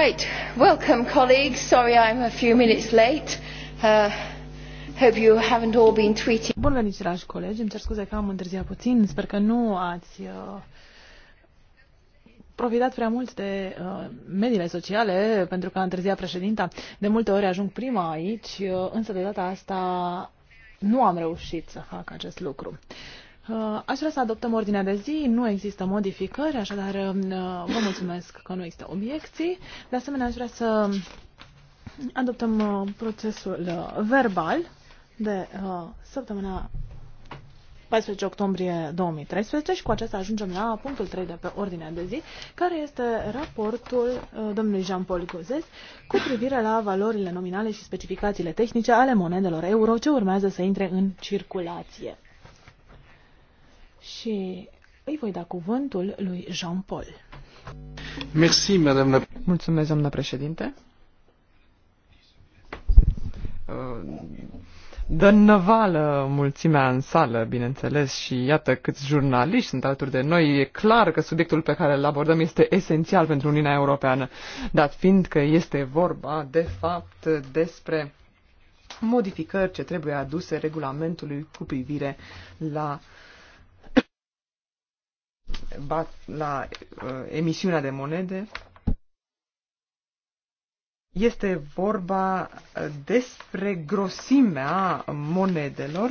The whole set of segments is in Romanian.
Great. Welcome, colleagues. Sorry I'm a few minutes late. Uh, hope you haven't all been tweeting. Bun venit, dragi colegi. Îmi cer scuze că am întârziat puțin. Sper că nu ați uh, profitat prea mult de uh, mediile sociale pentru că a întârziat președinta. De multe ori ajung prima aici, uh, însă de data asta nu am reușit să fac acest lucru. Uh, Uh, aș vrea să adoptăm ordinea de zi, nu există modificări, așadar uh, vă mulțumesc că nu există obiecții. De asemenea, aș vrea să adoptăm uh, procesul verbal de săptămâna 14 octombrie 2013 și cu acesta ajungem la punctul 3 de pe ordinea de zi, care este raportul domnului Jean-Paul Gozes cu privire la valorile nominale și specificațiile tehnice ale monedelor euro ce urmează să intre în circulație și îi voi da cuvântul lui Jean-Paul. Merci, madame la... Mulțumesc, doamna președinte. Dă năvală mulțimea în sală, bineînțeles, și iată câți jurnaliști sunt alături de noi. E clar că subiectul pe care îl abordăm este esențial pentru Uniunea Europeană, dat fiind că este vorba, de fapt, despre modificări ce trebuie aduse regulamentului cu privire la uh, bat la uh, emisiunea de monede. Este vorba despre grosimea monedelor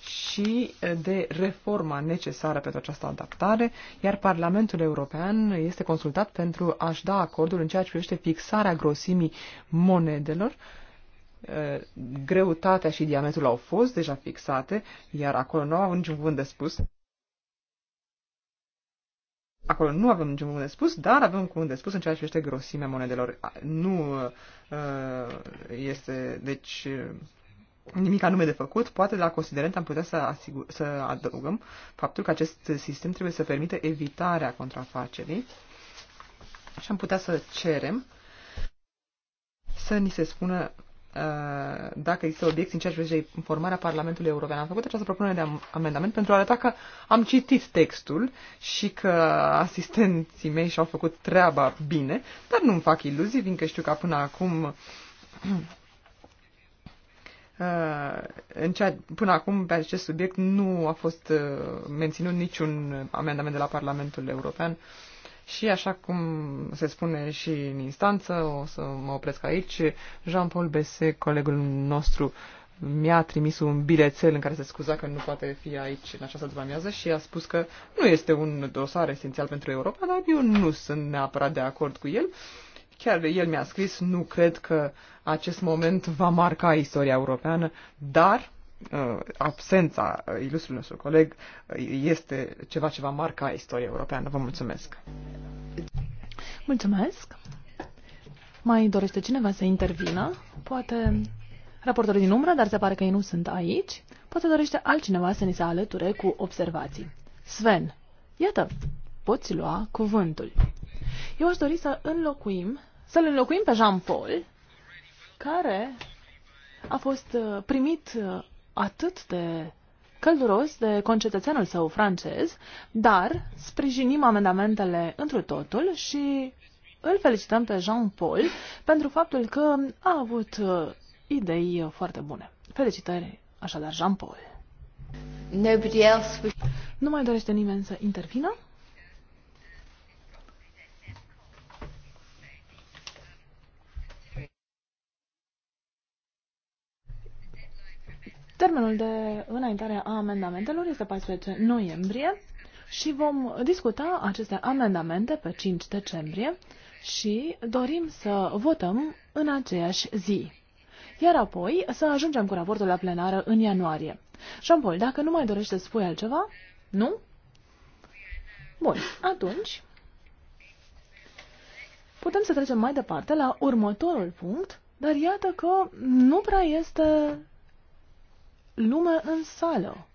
și de reforma necesară pentru această adaptare, iar Parlamentul European este consultat pentru a-și da acordul în ceea ce privește fixarea grosimii monedelor. Uh, greutatea și diametrul au fost deja fixate, iar acolo nu au niciun cuvânt de spus. Acolo nu avem niciun cuvânt de spus, dar avem un cuvânt de spus în ceea ce este grosimea monedelor. Nu uh, este, deci, uh, nimic anume de făcut. Poate la considerent am putea să, asigur, să adăugăm faptul că acest sistem trebuie să permite evitarea contrafacerii și am putea să cerem să ni se spună Uh, dacă există obiecții în ceea ce privește informarea Parlamentului European. Am făcut această propunere de amendament pentru a arăta că am citit textul și că asistenții mei și-au făcut treaba bine, dar nu-mi fac iluzii, fiindcă știu că până acum uh, în cea, până acum pe acest subiect nu a fost uh, menținut niciun amendament de la Parlamentul European uh, și așa cum se spune și în instanță, o să mă opresc aici, Jean-Paul Bese, colegul nostru, mi-a trimis un bilețel în care se scuza că nu poate fi aici în această dvamează și a spus că nu este un dosar esențial pentru Europa, dar eu nu sunt neapărat de acord cu el. Chiar el mi-a scris, nu cred că acest moment va marca istoria europeană, dar Uh, absența uh, ilustrului nostru coleg uh, este ceva ce va marca istoria europeană. Vă mulțumesc! Mulțumesc! Mai dorește cineva să intervină? Poate raportorul din umbră, dar se pare că ei nu sunt aici. Poate dorește altcineva să ni se alăture cu observații. Sven, iată, poți lua cuvântul. Eu aș dori să înlocuim, să-l înlocuim pe Jean-Paul, care a fost primit atât de călduros de concetățenul său francez, dar sprijinim amendamentele întru totul și îl felicităm pe Jean-Paul pentru faptul că a avut uh, idei uh, foarte bune. Felicitări, așadar, Jean-Paul. Nu mai dorește nimeni să intervină? Termenul de înaintare a amendamentelor este 14 noiembrie și vom discuta aceste amendamente pe 5 decembrie și dorim să votăm în aceeași zi. Iar apoi să ajungem cu raportul la plenară în ianuarie. Jean-Paul, dacă nu mai dorești să spui altceva, nu? Bun, atunci putem să trecem mai departe la următorul punct, dar iată că nu prea este lume în sală.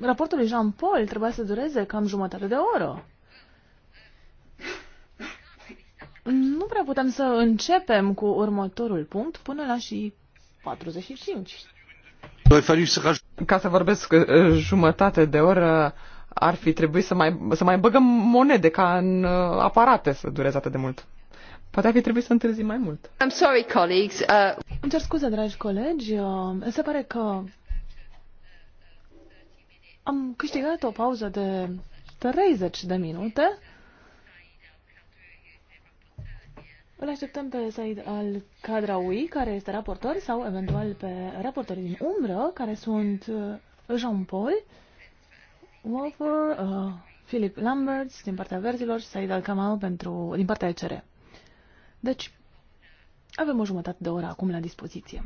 Raportul lui Jean-Paul trebuia să dureze cam jumătate de oră. Nu prea putem să începem cu următorul punct până la și 45. Ca să vorbesc uh, jumătate de oră, ar fi trebuit să mai, să mai băgăm monede ca în uh, aparate să dureze atât de mult. Poate ar fi trebuit să întârzi mai mult. I'm sorry, colleagues. Uh... Îmi cer scuze, dragi colegi. Uh, se pare că am câștigat o pauză de 30 de minute. Îl așteptăm pe Said al Kadraoui, care este raportor, sau eventual pe raportorii din umbră, care sunt uh, Jean-Paul, Wolfer, uh, Philip Lamberts din partea verzilor și Said al Kamal pentru, din partea ECR. Deci, avem o jumătate de oră acum la dispoziție.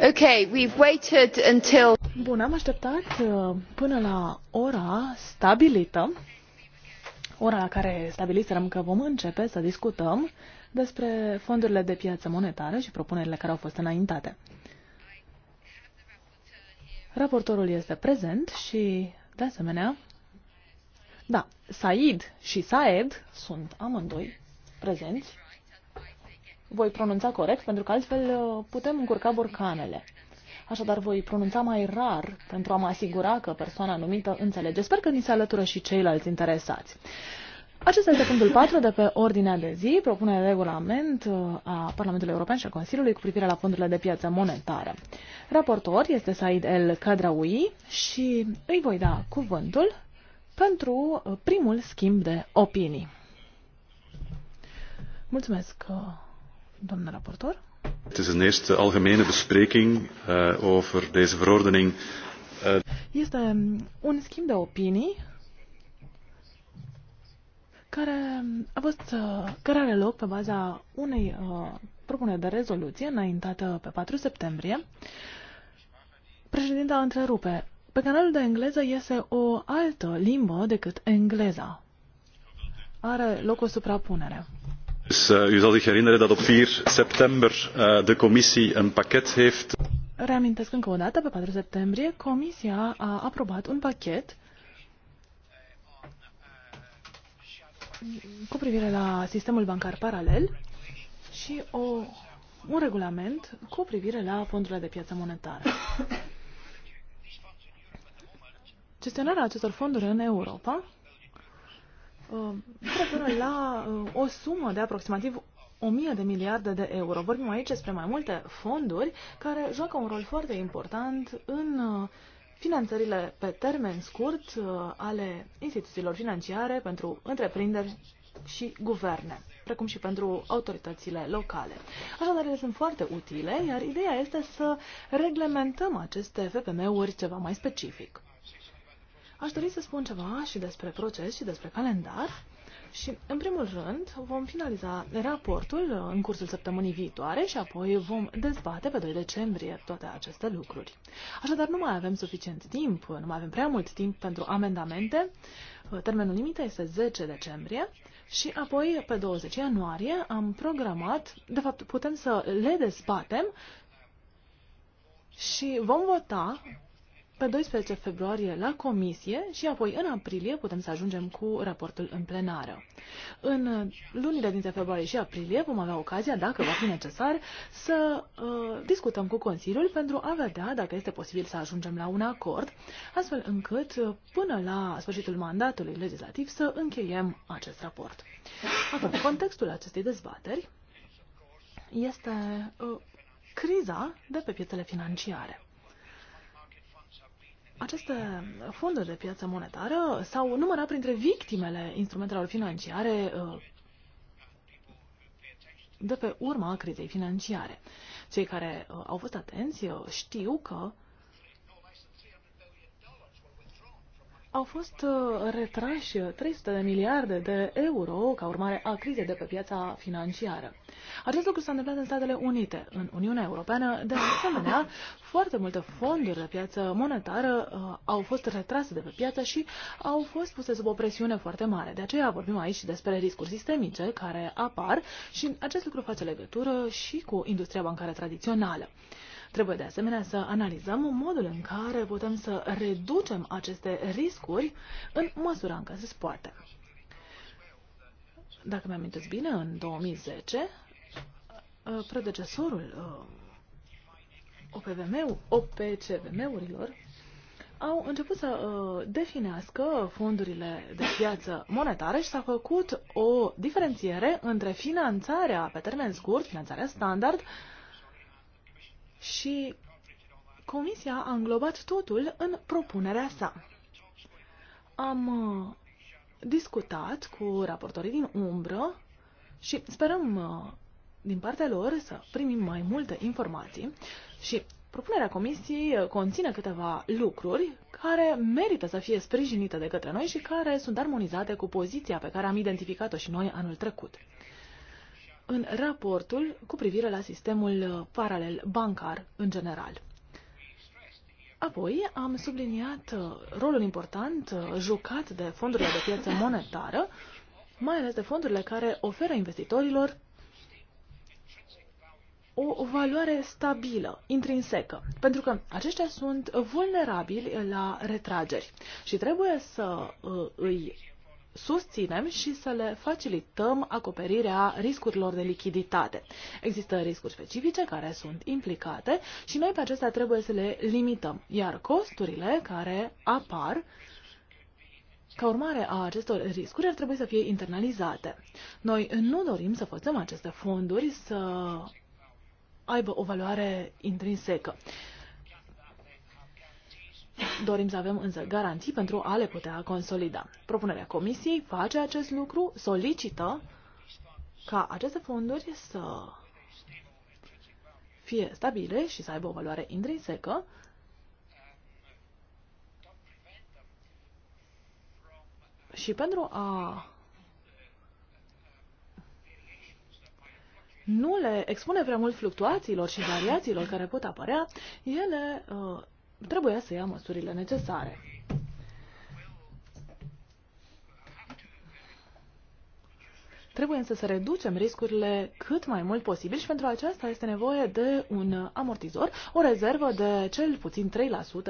Ok, we've waited until... Bun, am așteptat uh, până la ora stabilită, ora la care stabiliserăm că vom începe să discutăm despre fondurile de piață monetară și propunerile care au fost înaintate. Raportorul este prezent și, de asemenea, da, Said și Saed sunt amândoi prezenți voi pronunța corect, pentru că altfel uh, putem încurca borcanele. Așadar, voi pronunța mai rar pentru a mă asigura că persoana numită înțelege. Sper că ni se alătură și ceilalți interesați. Acesta este punctul 4 de pe ordinea de zi, propune regulament uh, a Parlamentului European și a Consiliului cu privire la fondurile de piață monetară. Raportor este Said El Kadraoui și îi voi da cuvântul pentru uh, primul schimb de opinii. Mulțumesc, Domnul raportor. Het is een eerste algemene bespreking uh, over deze verordening. Uh... Este mm, un schimb de opinii care mm, a fost, eh, care are loc pe baza unei uh, propuneri de rezoluție înaintată pe 4 septembrie. Președinta întrerupe. Pe canalul de engleză iese o altă limbă decât engleza. Are loc o suprapunere. Dus U zal zich herinneren dat op 4 september eh, de commissie een pakket heeft. Reamintesc încă o dată, pe 4 septembrie, Comisia a aprobat un pachet cu privire la sistemul bancar paralel și o, un regulament cu privire la fondurile de piață monetară. Gestionarea acestor fonduri în Europa Uh, referă la uh, o sumă de aproximativ 1000 de miliarde de euro. Vorbim aici despre mai multe fonduri care joacă un rol foarte important în uh, finanțările pe termen scurt uh, ale instituțiilor financiare pentru întreprinderi și guverne, precum și pentru autoritățile locale. Așadar, ele sunt foarte utile, iar ideea este să reglementăm aceste FPM-uri ceva mai specific. Aș dori să spun ceva și despre proces și despre calendar. Și, în primul rând, vom finaliza raportul uh, în cursul săptămânii viitoare și apoi vom dezbate pe 2 decembrie toate aceste lucruri. Așadar, nu mai avem suficient timp, nu mai avem prea mult timp pentru amendamente. Uh, termenul limită este 10 decembrie și apoi, pe 20 ianuarie, am programat, de fapt, putem să le dezbatem și vom vota pe 12 februarie la comisie și apoi în aprilie putem să ajungem cu raportul în plenară. În lunile dintre februarie și aprilie vom avea ocazia, dacă va fi necesar, să uh, discutăm cu Consiliul pentru a vedea dacă este posibil să ajungem la un acord, astfel încât uh, până la sfârșitul mandatului legislativ să încheiem acest raport. Acum, contextul acestei dezbateri este uh, criza de pe piețele financiare. Aceste fonduri de piață monetară s-au numărat printre victimele instrumentelor financiare uh, de pe urma crizei financiare. Cei care uh, au fost atenți uh, știu că Au fost uh, retrași 300 de miliarde de euro ca urmare a crizei de pe piața financiară. Acest lucru s-a întâmplat în Statele Unite, în Uniunea Europeană. De asemenea, foarte multe fonduri de piață monetară uh, au fost retrase de pe piață și au fost puse sub o presiune foarte mare. De aceea vorbim aici despre riscuri sistemice care apar și acest lucru face legătură și cu industria bancară tradițională. Uh, Trebuie de asemenea să analizăm modul în care putem să reducem aceste riscuri în măsura în care se poate. Dacă mi-am amintesc bine, în 2010, uh, predecesorul uh, OPVM-ul, OPCVM-urilor, au început să uh, definească fondurile de piață monetare și s-a făcut o diferențiere între finanțarea pe termen scurt, finanțarea standard, și Comisia a înglobat totul în propunerea sa. Am uh, discutat cu raportorii din umbră și sperăm uh, din partea lor să primim mai multe informații și propunerea comisiei uh, conține câteva lucruri care merită să fie sprijinite de către noi și care sunt armonizate cu poziția pe care am identificat-o și noi anul trecut în raportul cu privire la sistemul uh, paralel bancar în general. Apoi am subliniat uh, rolul important uh, jucat de fondurile de piață monetară, mai ales de fondurile care oferă investitorilor o valoare stabilă, intrinsecă, pentru că aceștia sunt vulnerabili la retrageri și trebuie să îi susținem și să le facilităm acoperirea riscurilor de lichiditate. Există riscuri specifice care sunt implicate și noi pe acestea trebuie să le limităm, iar costurile care apar ca urmare a acestor riscuri ar trebui să fie internalizate. Noi nu dorim să forțăm aceste fonduri să aibă o valoare intrinsecă. Dorim să avem însă garanții pentru a le putea consolida. Propunerea Comisiei face acest lucru, solicită ca aceste fonduri să fie stabile și să aibă o valoare intrinsecă, și pentru a nu le expune prea mult fluctuațiilor și variațiilor care pot apărea, ele uh, trebuie să ia măsurile necesare. Trebuie însă să reducem riscurile cât mai mult posibil și pentru aceasta este nevoie de un amortizor, o rezervă de cel puțin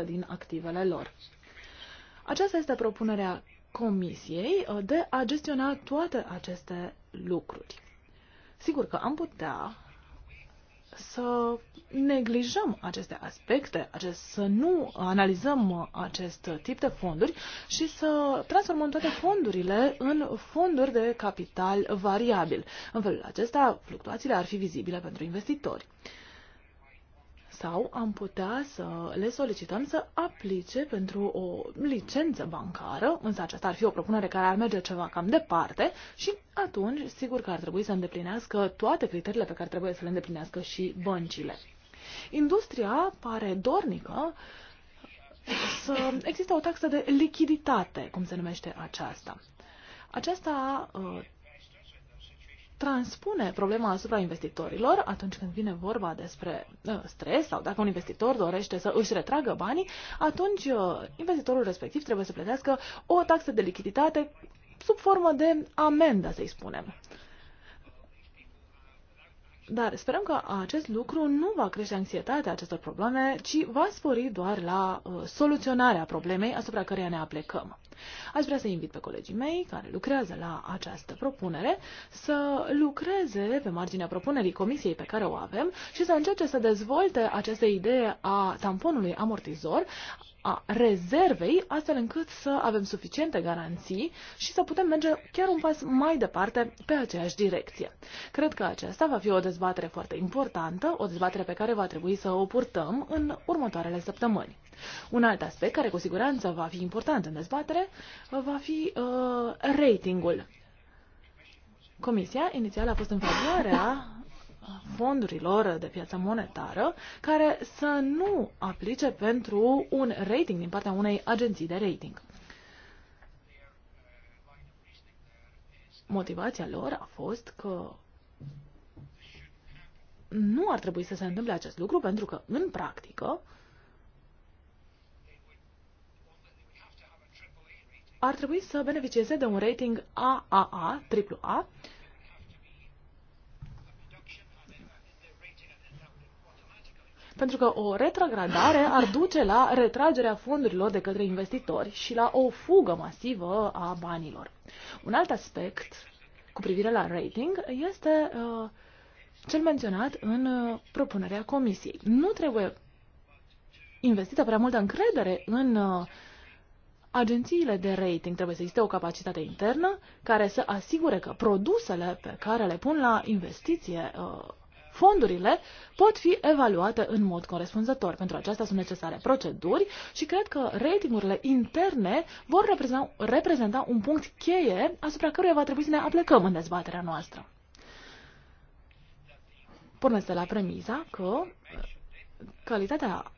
3% din activele lor. Aceasta este propunerea Comisiei uh, de a gestiona toate aceste lucruri. Sigur că am putea să neglijăm aceste aspecte, acest, să nu analizăm acest tip de fonduri și să transformăm toate fondurile în fonduri de capital variabil. În felul acesta, fluctuațiile ar fi vizibile pentru investitori sau am putea să le solicităm să aplice pentru o licență bancară, însă aceasta ar fi o propunere care ar merge ceva cam departe și atunci sigur că ar trebui să îndeplinească toate criteriile pe care trebuie să le îndeplinească și băncile. Industria pare dornică să există o taxă de lichiditate, cum se numește aceasta. Aceasta uh, transpune problema asupra investitorilor atunci când vine vorba despre uh, stres sau dacă un investitor dorește să își retragă banii, atunci uh, investitorul respectiv trebuie să plătească o taxă de lichiditate sub formă de amendă, să-i spunem. Uh, dar sperăm că acest lucru nu va crește anxietatea acestor probleme, ci va spori doar la uh, soluționarea problemei asupra căreia ne aplecăm. Aș vrea să invit pe colegii mei care lucrează la această propunere să lucreze pe marginea propunerii comisiei pe care o avem și să încerce să dezvolte această idee a tamponului amortizor, a rezervei, astfel încât să avem suficiente garanții și să putem merge chiar un pas mai departe pe aceeași direcție. Cred că aceasta va fi o dezbatere foarte importantă, o dezbatere pe care va trebui să o purtăm în următoarele săptămâni. Un alt aspect care cu siguranță va fi important în dezbatere va fi uh, ratingul. Comisia inițial a fost în favoarea fondurilor de piață monetară care să nu aplice pentru un rating din partea unei agenții de rating. Motivația lor a fost că nu ar trebui să se întâmple acest lucru pentru că, în practică, ar trebui să beneficieze de un rating AAA, AAA, pentru că o retrogradare ar duce la retragerea fondurilor de către investitori și la o fugă masivă a banilor. Un alt aspect cu privire la rating este uh, cel menționat în uh, propunerea comisiei. Nu trebuie investită prea multă încredere în uh, agențiile de rating. Trebuie să existe o capacitate internă care să asigure că produsele pe care le pun la investiție uh, fondurile pot fi evaluate în mod corespunzător. Pentru aceasta sunt necesare proceduri și cred că ratingurile interne vor reprezenta, reprezenta un punct cheie asupra căruia va trebui să ne aplecăm în dezbaterea noastră. Pornesc de la premiza că calitatea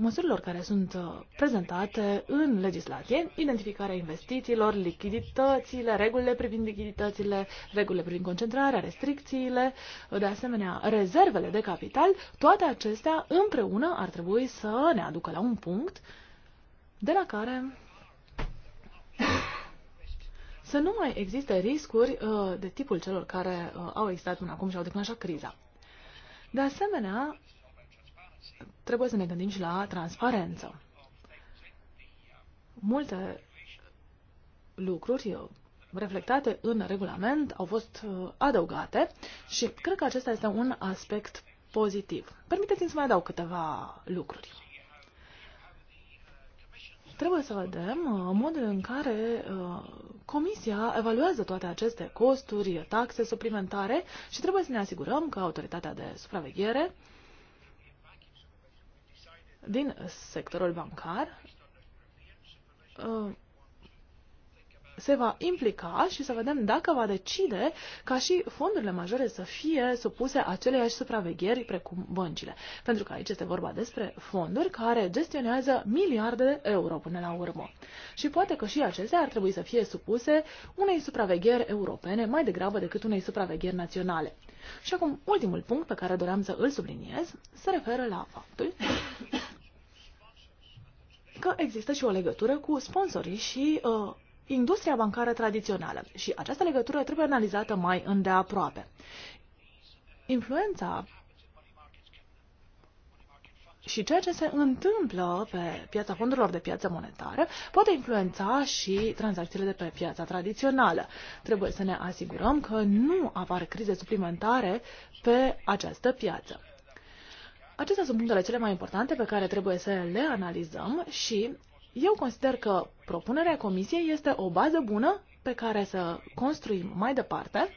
măsurilor care sunt uh, prezentate în legislație, identificarea investițiilor, lichiditățile, regulile privind lichiditățile, regulile privind concentrarea, restricțiile, de asemenea rezervele de capital, toate acestea împreună ar trebui să ne aducă la un punct de la care să nu mai existe riscuri uh, de tipul celor care uh, au existat până acum și au declanșat criza. De asemenea, trebuie să ne gândim și la transparență. Multe lucruri reflectate în regulament au fost uh, adăugate și cred că acesta este un aspect pozitiv. Permiteți-mi să mai adaug câteva lucruri. Trebuie să vedem uh, modul în care uh, Comisia evaluează toate aceste costuri, taxe suplimentare și trebuie să ne asigurăm că autoritatea de supraveghere uh, din sectorul bancar uh, se va implica și să vedem dacă va decide ca și fondurile majore să fie supuse aceleiași supravegheri precum băncile. Pentru că aici este vorba despre fonduri care gestionează miliarde de euro până la urmă. Și poate că și acestea ar trebui să fie supuse unei supravegheri europene mai degrabă decât unei supravegheri naționale. Și acum, ultimul punct pe care doream să îl subliniez se referă la faptul că există și o legătură cu sponsorii și uh, industria bancară tradițională și această legătură trebuie analizată mai îndeaproape. Influența și ceea ce se întâmplă pe piața fondurilor de piață monetară poate influența și tranzacțiile de pe piața tradițională. Trebuie să ne asigurăm că nu apar crize suplimentare pe această piață. Acestea sunt punctele cele mai importante pe care trebuie să le analizăm și eu consider că propunerea Comisiei este o bază bună pe care să construim mai departe.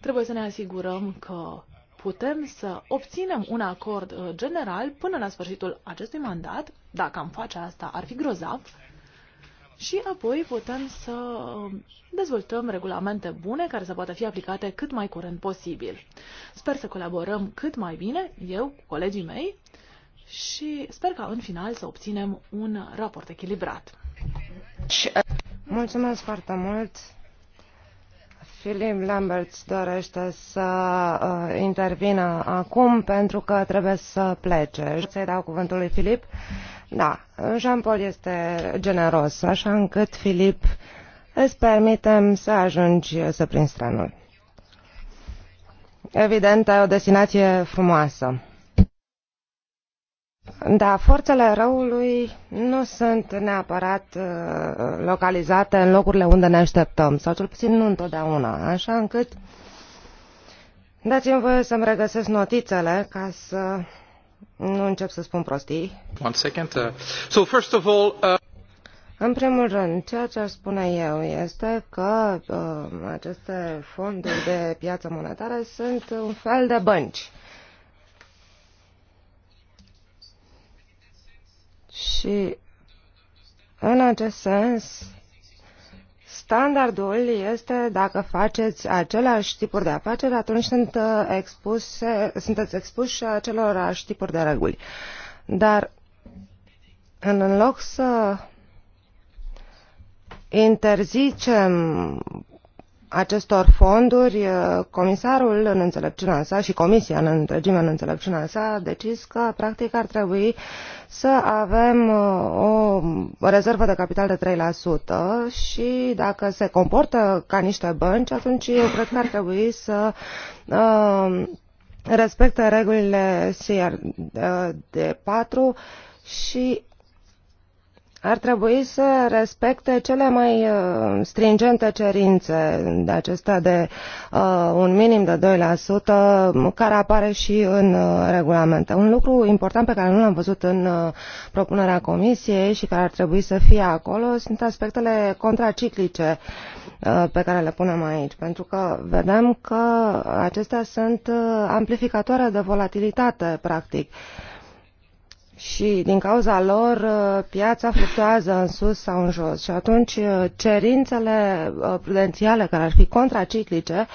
Trebuie să ne asigurăm că putem să obținem un acord uh, general până la sfârșitul acestui mandat. Dacă am face asta, ar fi grozav și apoi putem să um, dezvoltăm regulamente bune care să poată fi aplicate cât mai curând posibil. Sper să colaborăm cât mai bine, eu cu colegii mei, și sper ca în final să obținem un raport echilibrat. Mulțumesc foarte mult! Filim Lamberts dorește să uh, intervină acum pentru că trebuie să plece. Să-i dau cuvântul lui Filip? Da, Jean-Paul este generos, așa încât, Filip, îți permitem să ajungi să prin stranul. Evident, ai o destinație frumoasă. Da, forțele răului nu sunt neapărat uh, localizate în locurile unde ne așteptăm, sau cel puțin nu întotdeauna, așa încât dați-mi voie să-mi regăsesc notițele ca să nu încep să spun prostii. One second. Uh, so first of all, uh... În primul rând, ceea ce aș spune eu este că uh, aceste fonduri de piață monetară sunt un fel de bănci. Uh, Și în acest sens, standardul este dacă faceți același tipuri de afaceri, atunci sunt uh, expuse, sunteți expuși acelorași tipuri de reguli. Dar în loc să interzicem acestor fonduri, uh, comisarul în înțelepciunea sa și comisia în întregime în înțelepciunea sa a decis că practic ar trebui să avem uh, o rezervă de capital de 3% și dacă se comportă ca niște bănci, atunci eu cred că ar trebui să uh, respecte regulile CR de 4 și ar trebui să respecte cele mai uh, stringente cerințe de acesta de uh, un minim de 2% care apare și în uh, regulamente. Un lucru important pe care nu l-am văzut în uh, propunerea comisiei și care ar trebui să fie acolo sunt aspectele contraciclice pe care le punem aici, pentru că vedem că acestea sunt amplificatoare de volatilitate, practic. Uh, și din cauza lor uh, piața fluctuează în sus sau în jos și atunci uh, cerințele uh, prudențiale care ar fi contraciclice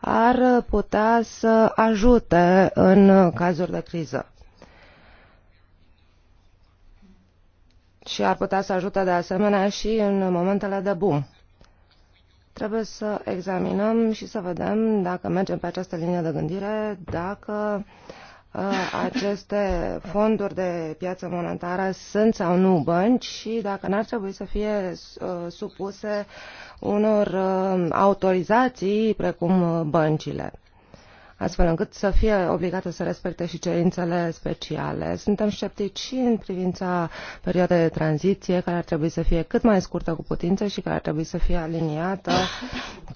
ar putea să ajute în cazuri de criză. Și ar putea să ajute de asemenea și în momentele de boom. Trebuie să examinăm și să vedem dacă mergem pe această linie de gândire, dacă uh, aceste fonduri de piață monetară sunt sau nu bănci și dacă n-ar trebui să fie uh, supuse unor uh, autorizații precum uh, băncile astfel încât să fie obligate să respecte și cerințele speciale. Suntem sceptici și în privința perioadei de tranziție, care ar trebui să fie cât mai scurtă cu putință și care ar trebui să fie aliniată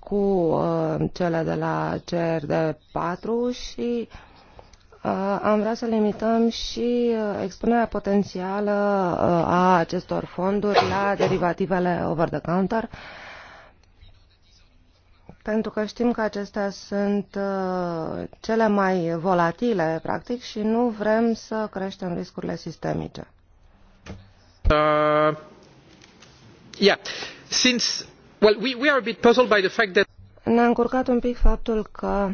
cu uh, cele de la CRD 4 și uh, Uh, am vrea să limităm și uh, expunerea potențială uh, a acestor fonduri la derivativele over-the-counter, pentru că știm că acestea sunt cele mai volatile, practic, și nu vrem să creștem riscurile sistemice. Uh, yeah. Since, well, we, we are a bit puzzled by the fact that... Ne-a încurcat un pic faptul că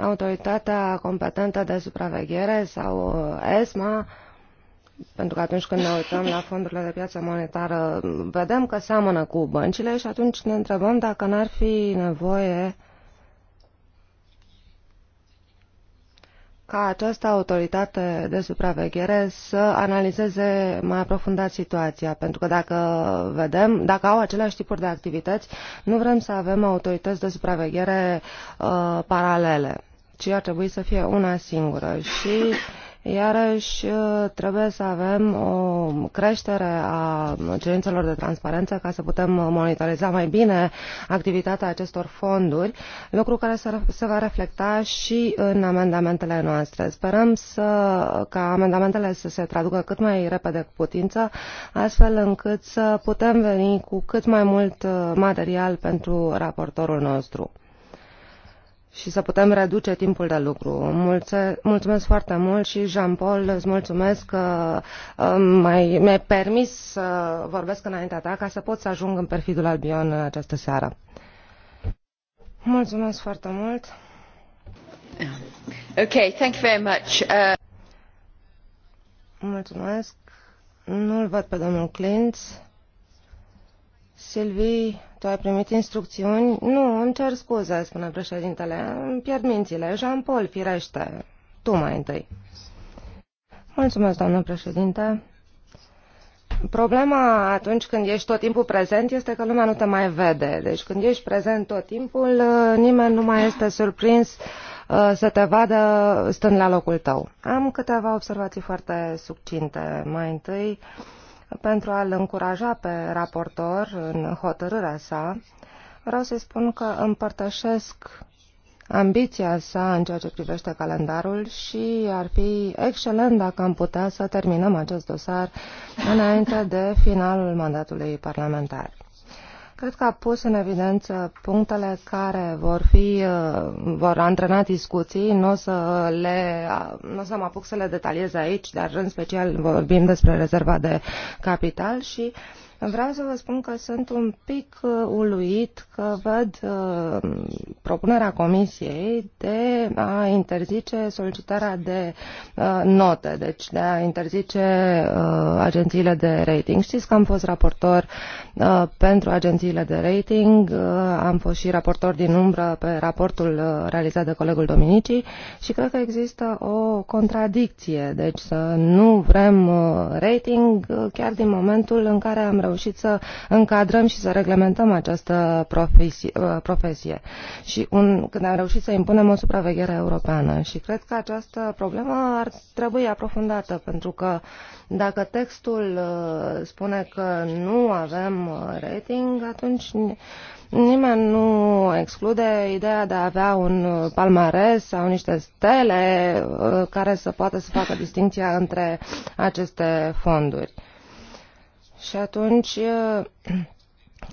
autoritatea competentă de supraveghere sau uh, ESMA, pentru că atunci când ne uităm la fondurile de piață monetară, vedem că seamănă cu băncile și atunci ne întrebăm dacă n-ar fi nevoie ca această autoritate de supraveghere să analizeze mai aprofundat situația, pentru că dacă vedem, dacă au aceleași tipuri de activități, nu vrem să avem autorități de supraveghere uh, paralele ci ar trebui să fie una singură. Și Iarăși, trebuie să avem o creștere a cerințelor de transparență ca să putem monitoriza mai bine activitatea acestor fonduri, lucru care se va reflecta și în amendamentele noastre. Sperăm să, ca amendamentele să se traducă cât mai repede cu putință, astfel încât să putem veni cu cât mai mult uh, material pentru raportorul nostru și să putem reduce timpul de lucru. Mulțe, mulțumesc foarte mult și, Jean-Paul, îți mulțumesc că um, mai, mi-ai permis să vorbesc înaintea ta ca să pot să ajung în perfidul Albion în această seară. Mulțumesc foarte mult. Ok, thank you very much. Uh... Mulțumesc. Nu-l văd pe domnul Clint. Sylvie tu ai primit instrucțiuni? Nu, îmi cer scuze, spune președintele. Îmi pierd mințile. Jean-Paul, firește. Tu mai întâi. Mulțumesc, doamnă președinte. Problema atunci când ești tot timpul prezent este că lumea nu te mai vede. Deci când ești prezent tot timpul, nimeni nu mai este surprins uh, să te vadă stând la locul tău. Am câteva observații foarte succinte. Mai întâi, uh, pentru a-l încuraja pe raportor în hotărârea sa, vreau să-i spun că împărtășesc ambiția sa în ceea ce privește calendarul și ar fi excelent dacă am putea să terminăm acest dosar înainte de finalul mandatului parlamentar. Cred că a pus în evidență punctele care vor fi, uh, vor antrena discuții. Nu o să, le, uh, nu o să mă apuc să le detaliez aici, dar în special vorbim despre rezerva de capital și uh, Vreau să vă spun că sunt un pic uh, uluit că văd uh, propunerea Comisiei de a interzice solicitarea de uh, note, deci de a interzice agențiile de rating. Știți că am fost raportor pentru agențiile de rating, am fost și raportor din umbră pe raportul realizat de colegul Dominici și cred că există o contradicție, deci să nu vrem rating chiar din momentul în care am reușit să încadrăm și să reglementăm această profesie. Uh, profesie. Și un, când am reușit să impunem o supraveghere europeană. Și cred că această problemă ar trebui aprofundată, pentru că dacă textul uh, spune că nu avem uh, rating, atunci Nimeni nu exclude ideea de a avea un palmares sau niște stele care să poată să facă distinția între aceste fonduri. Și atunci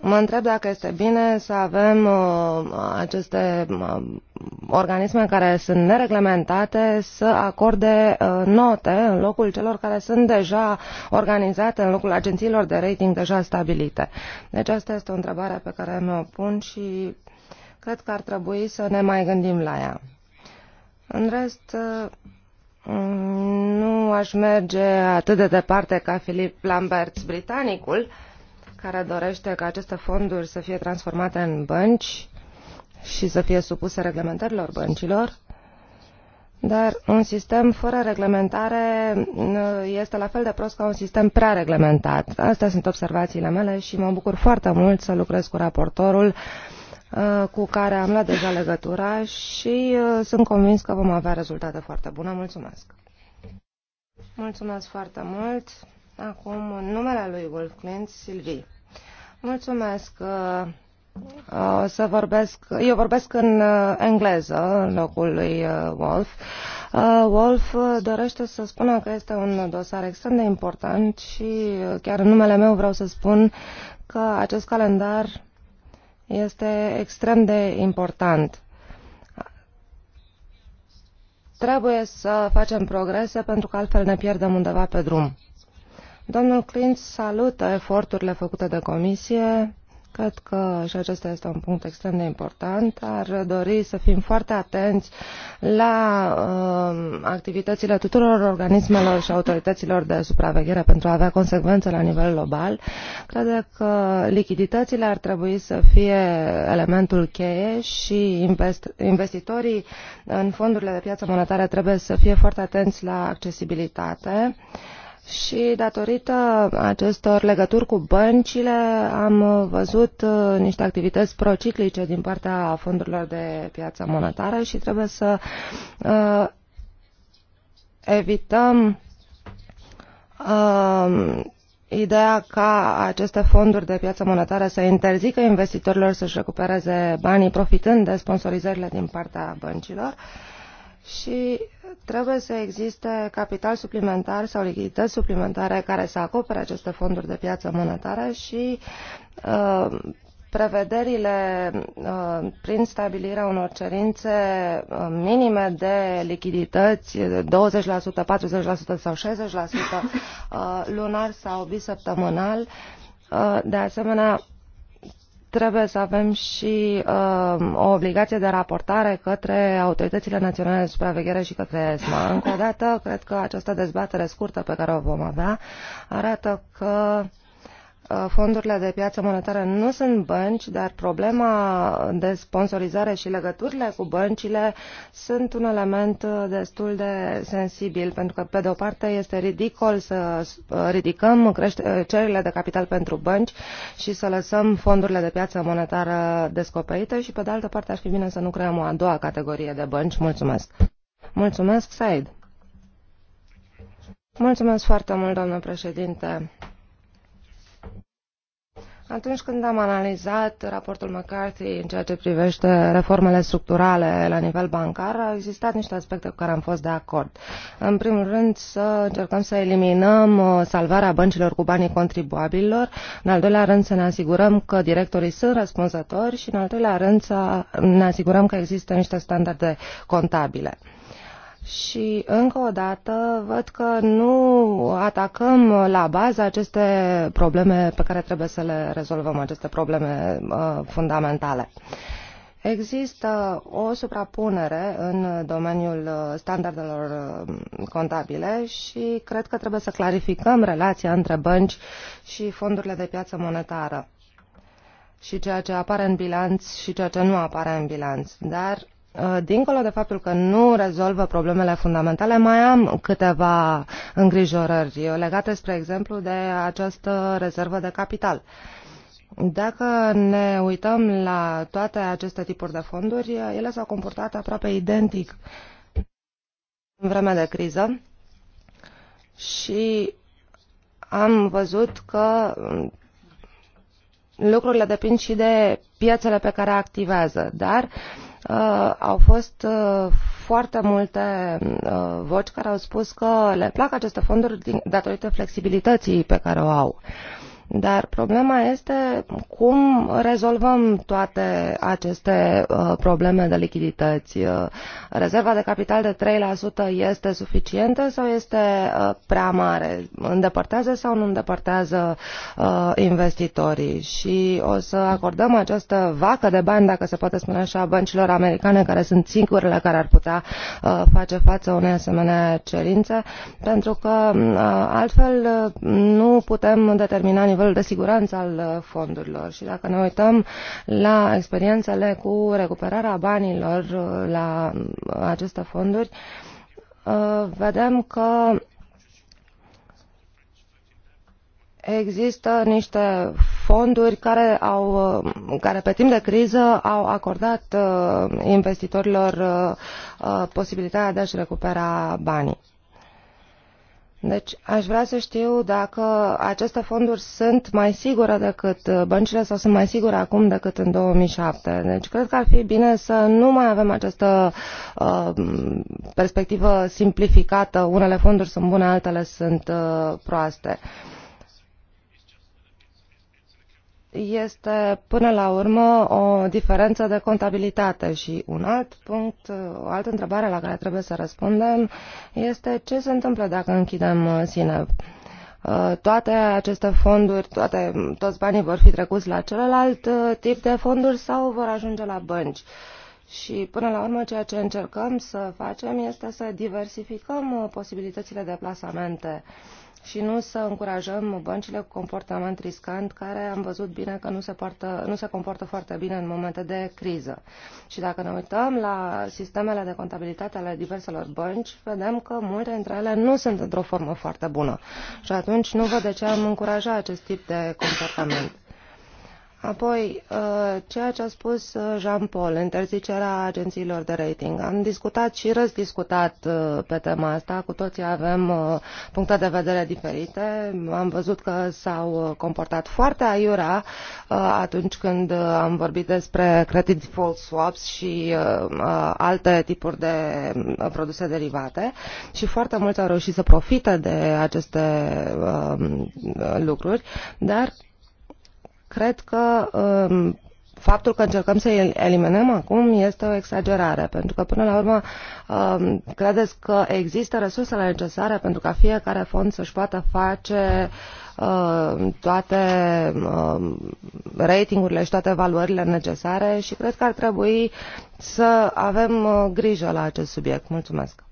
mă întreb dacă este bine să avem aceste organisme care sunt nereglementate să acorde note în locul celor care sunt deja organizate, în locul agențiilor de rating deja stabilite. Deci asta este o întrebare pe care mi-o pun și cred că ar trebui să ne mai gândim la ea. În rest, nu aș merge atât de departe ca Philip Lambert, britanicul, care dorește ca aceste fonduri să fie transformate în bănci și să fie supuse reglementărilor băncilor, dar un sistem fără reglementare este la fel de prost ca un sistem prea reglementat. Astea sunt observațiile mele și mă bucur foarte mult să lucrez cu raportorul uh, Uh, cu care am luat deja legătura și uh, sunt convins că vom avea rezultate foarte bune. Mulțumesc! Mulțumesc foarte mult! Acum, în numele lui Wolf Clint, Silvi. Mulțumesc! Uh, o să vorbesc, eu vorbesc în engleză în locul lui Wolf. Wolf dorește să spună că este un dosar extrem de important și chiar în numele meu vreau să spun că acest calendar este extrem de important. Trebuie să facem progrese pentru că altfel ne pierdem undeva pe drum. Domnul Clint salută eforturile făcute de comisie Cred că, și acesta este un punct extrem de important, ar dori să fim foarte atenți la uh, activitățile tuturor organismelor și autorităților de supraveghere pentru a avea consecvențe la nivel global. Cred că lichiditățile ar trebui să fie elementul cheie și invest investitorii în fondurile de piață monetară trebuie să fie foarte atenți la accesibilitate. Uh, și datorită acestor legături cu băncile am văzut uh, niște activități prociclice din partea fondurilor de piață monetară și trebuie să uh, evităm uh, ideea ca aceste fonduri de piață monetară să interzică investitorilor să-și recupereze banii profitând de sponsorizările din partea băncilor. Uh, și trebuie să existe capital suplimentar sau lichidități suplimentare care să acopere aceste fonduri de piață monetară și uh, prevederile uh, prin stabilirea unor cerințe uh, minime de lichidități, 20%, 40% sau 60% lunar sau bisăptămânal, de asemenea, trebuie să avem și uh, o obligație de raportare către autoritățile naționale de supraveghere și către ESMA. Încă o dată, cred că această dezbatere scurtă pe care o vom avea arată că uh, Uh, fondurile de piață monetară nu sunt bănci, dar problema de sponsorizare și legăturile cu băncile sunt un element uh, destul de sensibil, pentru că, pe de o parte, este ridicol să uh, ridicăm cererile de capital pentru bănci și să lăsăm fondurile de piață monetară descoperite și, pe de altă parte, ar fi bine să nu creăm o a doua categorie de bănci. Mulțumesc! Mulțumesc, Said! Mulțumesc foarte mult, doamnă președinte! Atunci când am analizat raportul McCarthy în ceea ce privește reformele structurale la nivel bancar, au existat niște aspecte cu care am fost de acord. În primul rând, să încercăm să eliminăm uh, salvarea băncilor cu banii contribuabililor, în al doilea rând să ne asigurăm că directorii sunt răspunzători și în al treilea rând să ne asigurăm că există niște standarde contabile. Și încă o dată văd că nu atacăm la bază aceste probleme pe care trebuie să le rezolvăm, aceste probleme uh, fundamentale. Există o suprapunere în domeniul uh, standardelor uh, contabile și cred că trebuie să clarificăm relația între bănci și fondurile de piață monetară și ceea ce apare în bilanț și ceea ce nu apare în bilanț. Dar Uh, dincolo de faptul că nu rezolvă problemele fundamentale, mai am câteva îngrijorări legate, spre exemplu, de această rezervă de capital. Dacă ne uităm la toate aceste tipuri de fonduri, ele s-au comportat aproape identic în vremea de criză și am văzut că um, lucrurile depind și de piețele pe care activează, dar uh, Uh, au fost uh, foarte multe uh, voci care au spus că le plac aceste fonduri datorită flexibilității pe care o au. Uh, dar problema este cum rezolvăm toate aceste uh, probleme de lichidități. Uh, rezerva de capital de 3% este suficientă sau este uh, prea mare? Îndepărtează sau nu îndepărtează investitorii? Și o să acordăm această vacă de bani, dacă se poate spune așa, băncilor americane care sunt singurele care ar putea face față unei asemenea cerințe, pentru că altfel nu putem determina nivelul de siguranță al uh, fondurilor. Și dacă ne uităm la experiențele cu recuperarea banilor uh, la uh, aceste fonduri, vedem că există niște fonduri care, au, care pe timp de criză au acordat investitorilor posibilitatea de a-și recupera banii. Deci aș vrea să știu dacă aceste fonduri sunt mai sigure decât uh, băncile sau sunt mai sigure acum decât în 2007. Deci cred că ar fi bine să nu mai avem această uh, perspectivă simplificată, unele fonduri sunt bune, altele sunt uh, proaste. Uh, este până la urmă o diferență de contabilitate și un alt punct, o altă întrebare la care trebuie să răspundem este ce se întâmplă dacă închidem uh, SINEP. Uh, toate aceste fonduri, toate, toți banii vor fi trecuți la celălalt uh, tip de fonduri sau vor ajunge la bănci. Și până la urmă ceea ce încercăm să facem este să diversificăm posibilitățile de plasamente și nu să încurajăm băncile cu comportament riscant care am văzut bine că nu se, poartă, nu se comportă foarte bine în momente de criză. Și dacă ne uităm la sistemele de contabilitate ale diverselor bănci, vedem că multe dintre ele nu sunt într-o formă foarte bună. Și atunci nu văd de ce am încuraja acest tip de comportament. Apoi, uh, ceea ce a spus uh, Jean-Paul, interzicerea agențiilor de rating. Am discutat și răzdiscutat uh, pe tema asta, cu toții avem puncte de vedere diferite. Am văzut că s-au comportat foarte aiura atunci când am vorbit despre credit default swaps și alte tipuri de produse derivate și foarte mulți au reușit să profite de aceste lucruri, dar Cred că um, faptul că încercăm să eliminăm acum este o exagerare, pentru că până la urmă um, credeți că există resursele necesare pentru ca fiecare fond să-și poată face um, toate ratingurile și toate valorile necesare și cred că ar trebui să avem uh, grijă la acest subiect. Mulțumesc!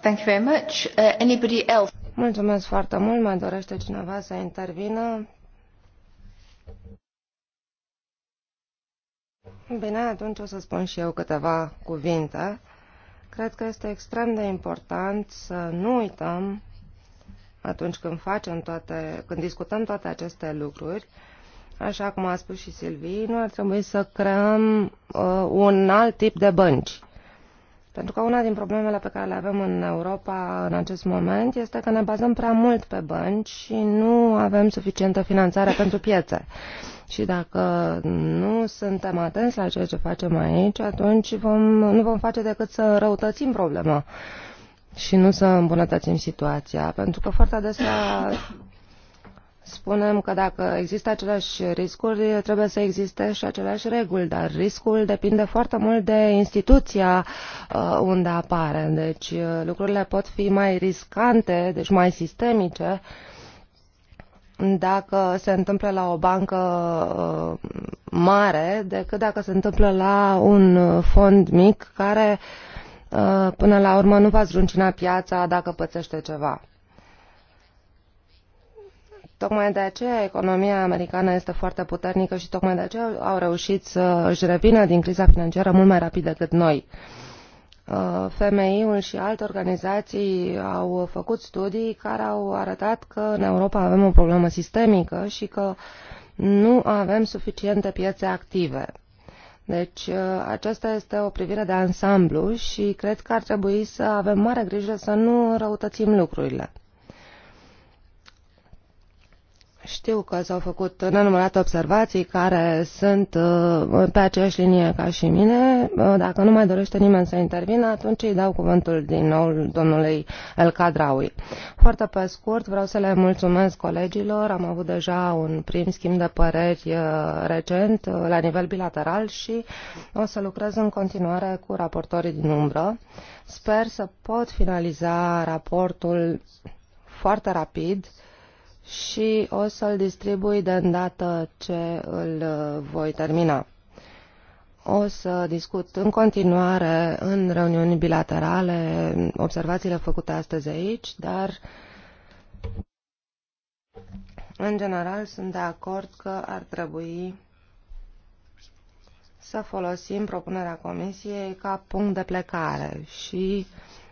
Thank you very much. Uh, anybody else? Mulțumesc foarte mult. Mai dorește cineva să intervină? Bine, atunci o să spun și eu câteva cuvinte. Cred că este extrem de important să nu uităm atunci când facem toate, când discutăm toate aceste lucruri, așa cum a spus și Silvii, nu ar trebui să creăm uh, un alt tip de bănci. Pentru că una din problemele pe care le avem în Europa în acest moment este că ne bazăm prea mult pe bănci și nu avem suficientă finanțare pentru piețe. Și dacă nu suntem atenți la ceea ce facem aici, atunci vom, nu vom face decât să răutățim problema și nu să îmbunătățim situația. Pentru că foarte adesea spunem că dacă există aceleași riscuri, trebuie să existe și aceleași reguli, dar riscul depinde foarte mult de instituția uh, unde apare. Deci uh, lucrurile pot fi mai riscante, deci mai sistemice, uh, dacă se întâmplă la o bancă uh, mare decât dacă se întâmplă la un uh, fond mic care uh, până la urmă nu va zruncina piața dacă pățește ceva. Tocmai de aceea economia americană este foarte puternică și tocmai de aceea au reușit să își revină din criza financiară mult mai rapid decât noi. Uh, Uh, FMI-ul și alte organizații au făcut studii care au arătat că în Europa avem o problemă sistemică și că nu avem suficiente piețe active. Deci uh, aceasta este o privire de ansamblu și cred că ar trebui să avem mare grijă să nu răutățim lucrurile. Știu că s-au făcut nenumărate observații care sunt uh, pe aceeași linie ca și mine. Uh, dacă nu mai dorește nimeni să intervină, atunci îi dau cuvântul din nou domnului El Cadraui. Foarte pe scurt, vreau să le mulțumesc colegilor. Am avut deja un prim schimb de păreri uh, recent la nivel bilateral și o să lucrez în continuare cu raportorii din umbră. Sper să pot finaliza raportul foarte rapid și o să-l distribui de îndată ce îl uh, voi termina. O să discut în continuare în reuniuni bilaterale observațiile făcute astăzi aici, dar în general sunt de acord că ar trebui să folosim propunerea Comisiei ca punct de plecare și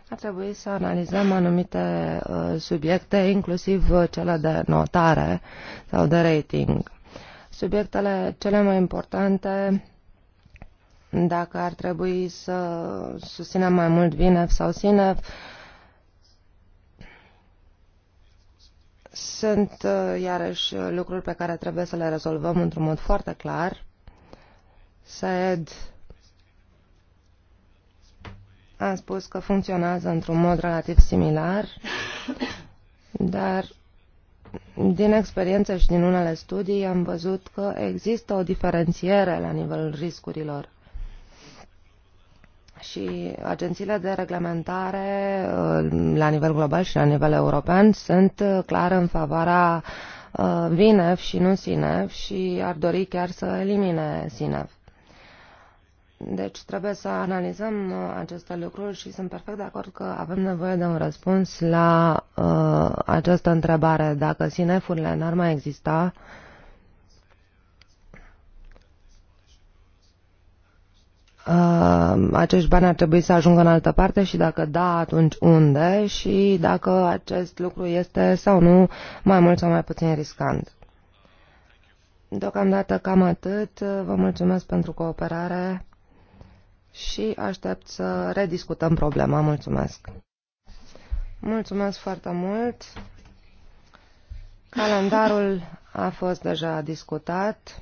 ar trebui să analizăm anumite uh, subiecte, inclusiv uh, cele de notare sau de rating. Subiectele cele mai importante, dacă ar trebui să susținem mai mult VINEF sau SINEF, sunt uh, iarăși lucruri pe care trebuie să le rezolvăm într-un mod foarte clar. SED am spus că funcționează într-un mod relativ similar, dar din experiență și din unele studii am văzut că există o diferențiere la nivelul riscurilor. Și agențiile de reglementare uh, la nivel global și la nivel european sunt uh, clar în favoarea uh, VINEF și nu SINEF și ar dori chiar să elimine SINEF. Deci trebuie să analizăm uh, aceste lucruri și sunt perfect de acord că avem nevoie de un răspuns la uh, această întrebare. Dacă sinefurile n-ar mai exista, Uh, acești bani ar trebui să ajungă în altă parte și dacă da, atunci unde și dacă acest lucru este sau nu mai mult sau mai puțin riscant. Deocamdată cam atât. Vă mulțumesc pentru cooperare și aștept să rediscutăm problema. Mulțumesc! Mulțumesc foarte mult! Calendarul a fost deja discutat.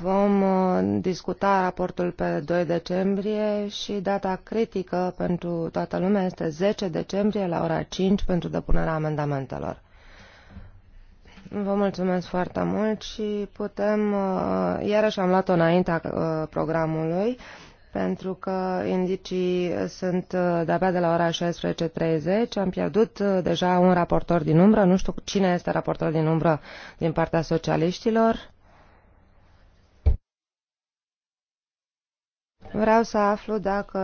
Vom uh, discuta raportul pe 2 decembrie și data critică pentru toată lumea este 10 decembrie la ora 5 pentru depunerea amendamentelor. Vă mulțumesc foarte mult și putem, uh, iarăși am luat-o înaintea uh, programului, pentru că indicii sunt uh, de-abia de la ora 16.30. Am pierdut deja un raportor din umbră, nu știu cine este raportor din umbră din partea socialiștilor. Vreau să aflu dacă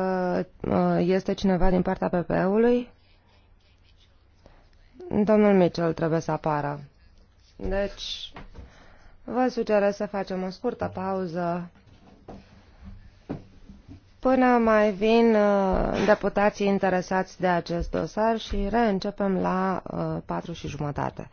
este cineva din partea PP-ului. Domnul Mitchell trebuie să apară. Deci, vă sugerez să facem o scurtă pauză până mai vin uh, deputații interesați de acest dosar și reîncepem la uh, patru și jumătate.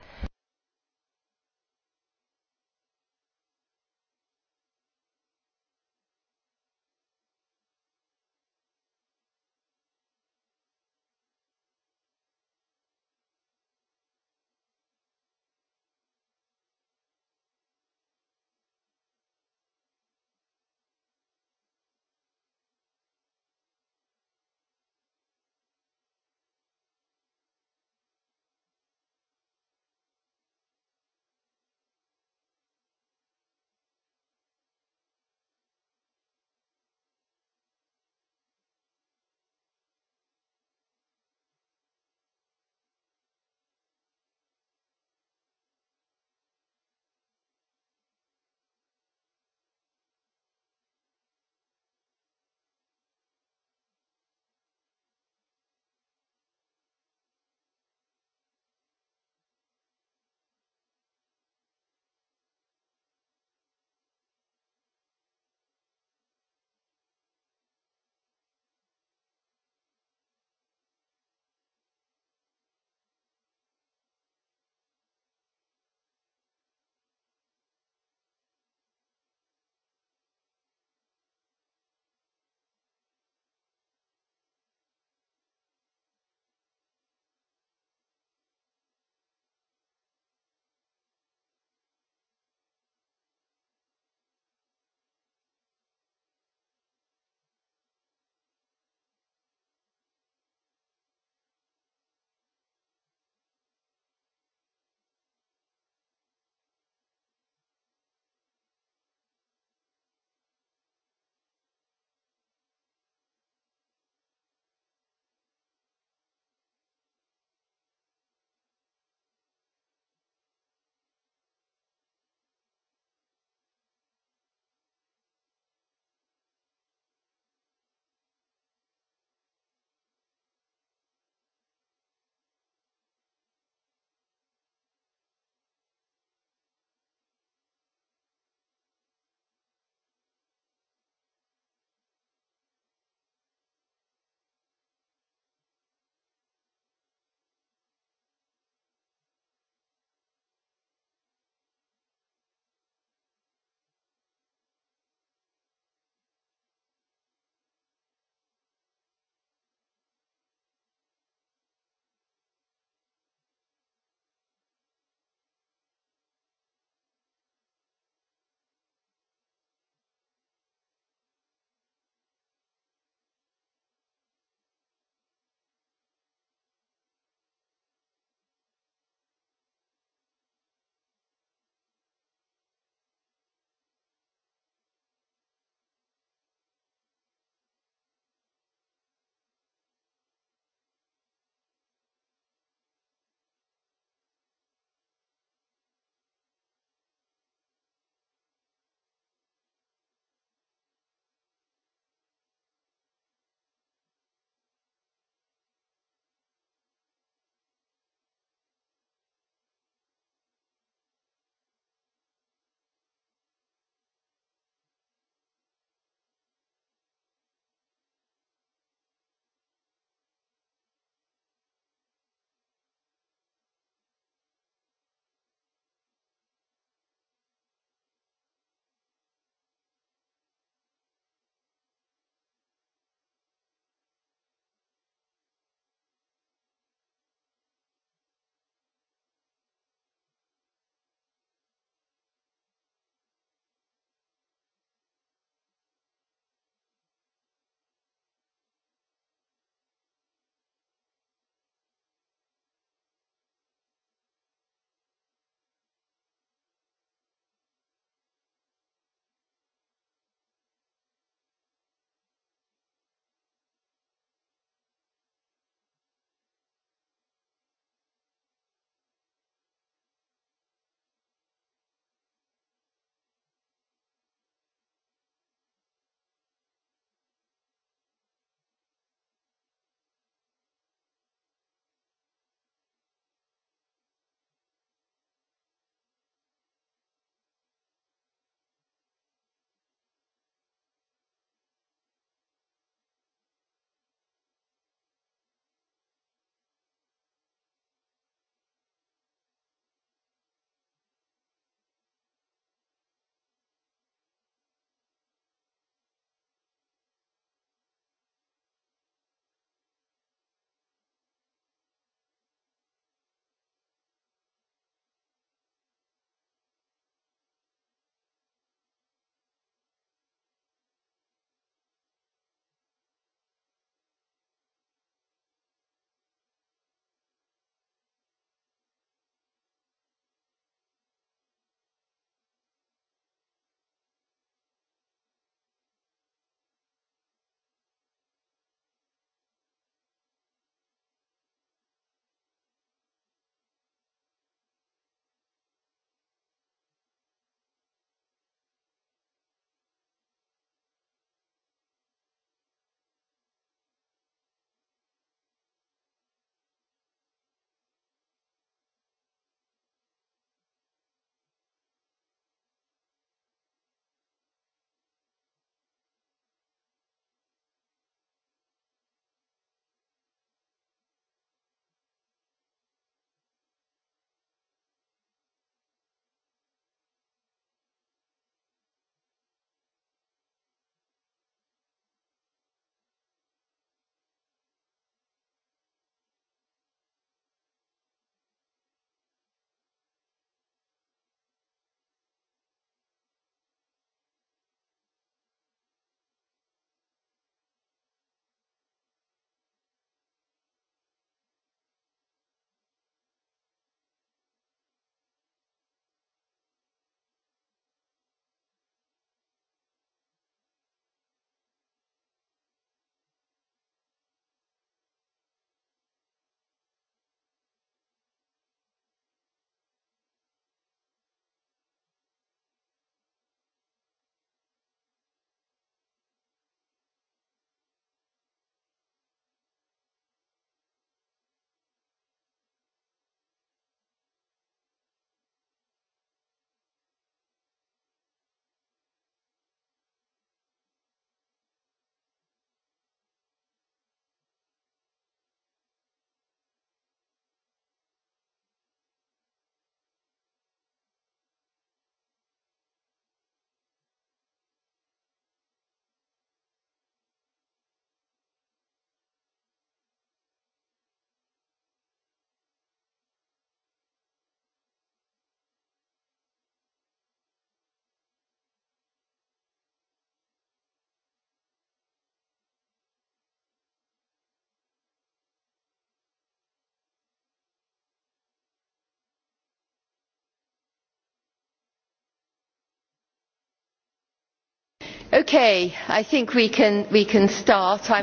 okay i think we can, we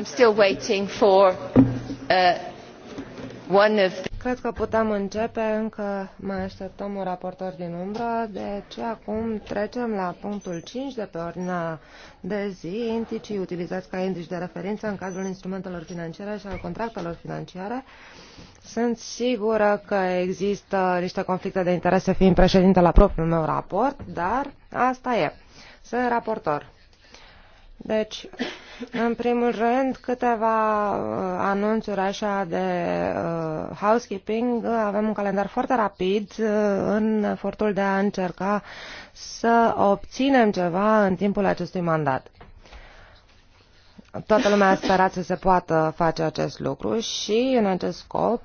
still waiting for uh, one of Cred că putem începe, încă mai așteptăm un raportor din umbră, deci acum trecem la punctul 5 de pe ordinea de zi, indicii utilizați ca indici de referință în cadrul instrumentelor financiare și al contractelor financiare. Sunt sigură că există niște conflicte de interese fiind președinte la propriul meu raport, dar asta e. Sunt raportor. Deci, în primul rând, câteva uh, anunțuri așa de uh, housekeeping. Avem un calendar foarte rapid uh, în efortul de a încerca să obținem ceva în timpul acestui mandat. Toată lumea a sperat să se poată face acest lucru și, în acest scop,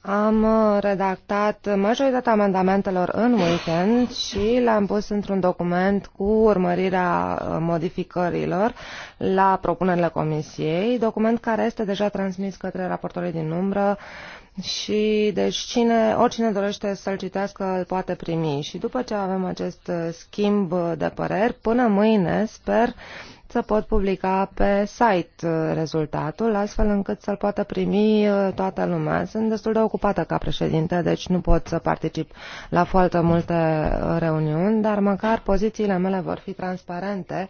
am uh, redactat majoritatea amendamentelor în weekend și le-am pus într-un document cu urmărirea uh, modificărilor la propunerile comisiei, document care este deja transmis către raportorii din umbră și deci cine, oricine dorește să-l citească îl poate primi. Și după ce avem acest uh, schimb de păreri, până mâine sper să pot publica pe site uh, rezultatul, astfel încât să-l poată primi uh, toată lumea. Sunt destul de ocupată ca președinte, deci nu pot să particip la foarte multe uh, reuniuni, dar măcar pozițiile mele vor fi transparente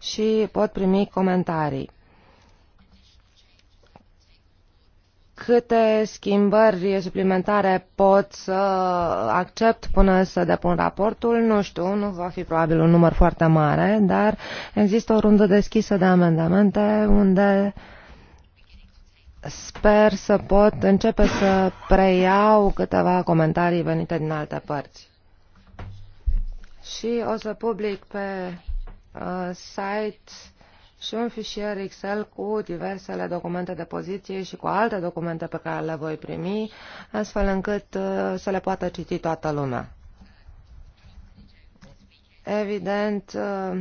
și pot primi comentarii. câte schimbări suplimentare pot să accept până să depun raportul, nu știu, nu va fi probabil un număr foarte mare, dar există o rundă deschisă de amendamente unde sper să pot începe să preiau câteva comentarii venite din alte părți. Și o să public pe uh, site și un fișier Excel cu diversele documente de poziție și cu alte documente pe care le voi primi, astfel încât uh, să le poată citi toată lumea. Evident, uh,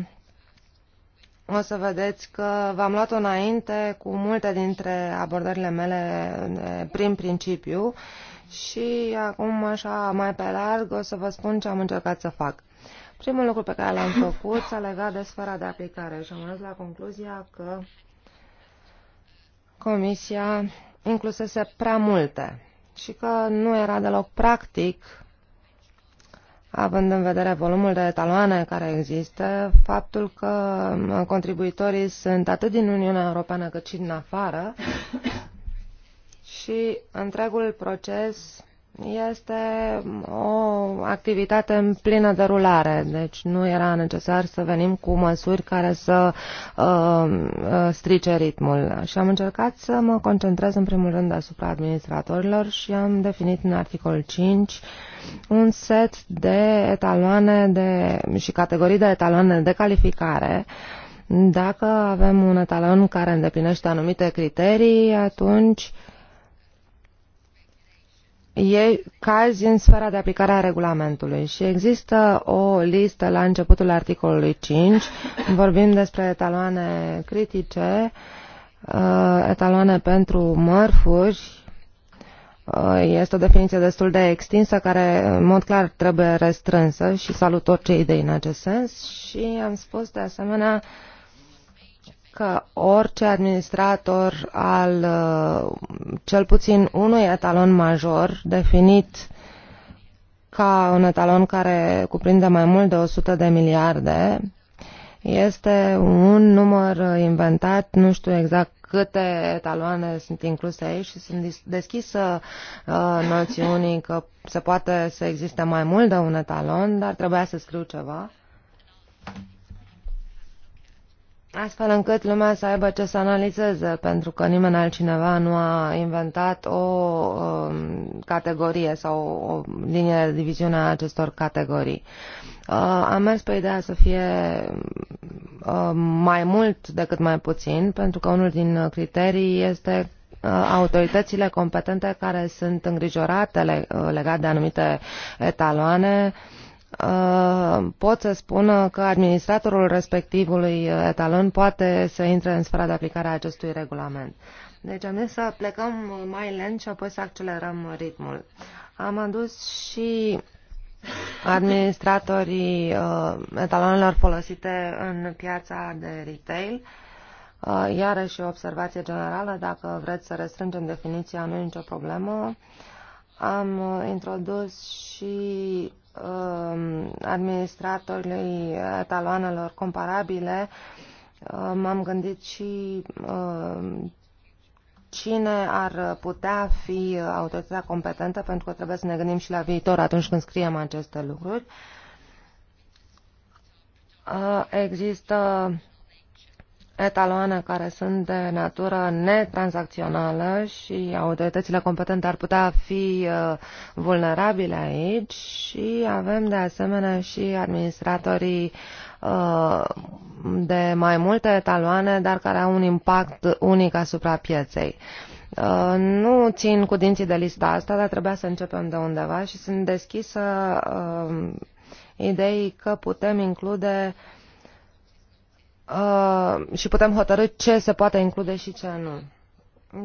o să vedeți că v-am luat înainte cu multe dintre abordările mele prin principiu și acum, așa, mai pe larg, o să vă spun ce am încercat să fac. Primul lucru pe care l-am făcut s-a legat de sfera de aplicare și am ajuns la concluzia că Comisia inclusese prea multe și că nu era deloc practic, având în vedere volumul de etaloane care există, faptul că contribuitorii sunt atât din Uniunea Europeană cât și din afară și întregul proces este o activitate în plină derulare, deci nu era necesar să venim cu măsuri care să uh, uh, strice ritmul. Și am încercat să mă concentrez în primul rând asupra administratorilor și am definit în articolul 5 un set de etaloane de, și categorii de etaloane de calificare dacă avem un etalon care îndeplinește anumite criterii, atunci uh, ei caz în sfera de aplicare a regulamentului și există o listă la începutul articolului 5. Vorbim despre etaloane critice, uh, etaloane pentru mărfuri. Uh, este o definiție destul de extinsă care, în mod clar, trebuie restrânsă și salut orice idei în acest sens. Și am spus, de asemenea, că orice administrator al uh, cel puțin unui etalon major definit ca un etalon care cuprinde mai mult de 100 de miliarde este un număr inventat, nu știu exact câte etaloane sunt incluse aici și sunt deschisă uh, noțiunii că se poate să existe mai mult de un etalon, dar trebuia să scriu ceva. astfel încât lumea să aibă ce să analizeze, pentru că nimeni altcineva nu a inventat o um, categorie sau o linie de diviziune a acestor categorii. Uh, am mers pe ideea să fie uh, mai mult decât mai puțin, pentru că unul din criterii este uh, autoritățile competente care sunt îngrijorate uh, legate de anumite etaloane uh, Uh, pot să spun că administratorul respectivului uh, etalon poate să intre în sfera de aplicare a acestui regulament. Deci am zis să plecăm uh, mai lent și apoi să accelerăm ritmul. Am adus și administratorii uh, etalonelor folosite în piața de retail. Uh, iarăși o observație generală, dacă vreți să restrângem definiția, nu e nicio problemă. Am introdus și Um, administratorului etaloanelor comparabile, m-am um, gândit și um, cine ar putea fi autoritatea competentă, pentru că trebuie să ne gândim și la viitor atunci când scriem aceste lucruri. Uh, există etaloane care sunt de natură netransacțională și autoritățile competente ar putea fi uh, vulnerabile aici și avem de asemenea și administratorii uh, de mai multe etaloane, dar care au un impact unic asupra pieței. Uh, nu țin cu dinții de lista asta, dar trebuia să începem de undeva și sunt deschisă ideii că putem include uh, Uh, și putem hotărî ce se poate include și ce nu.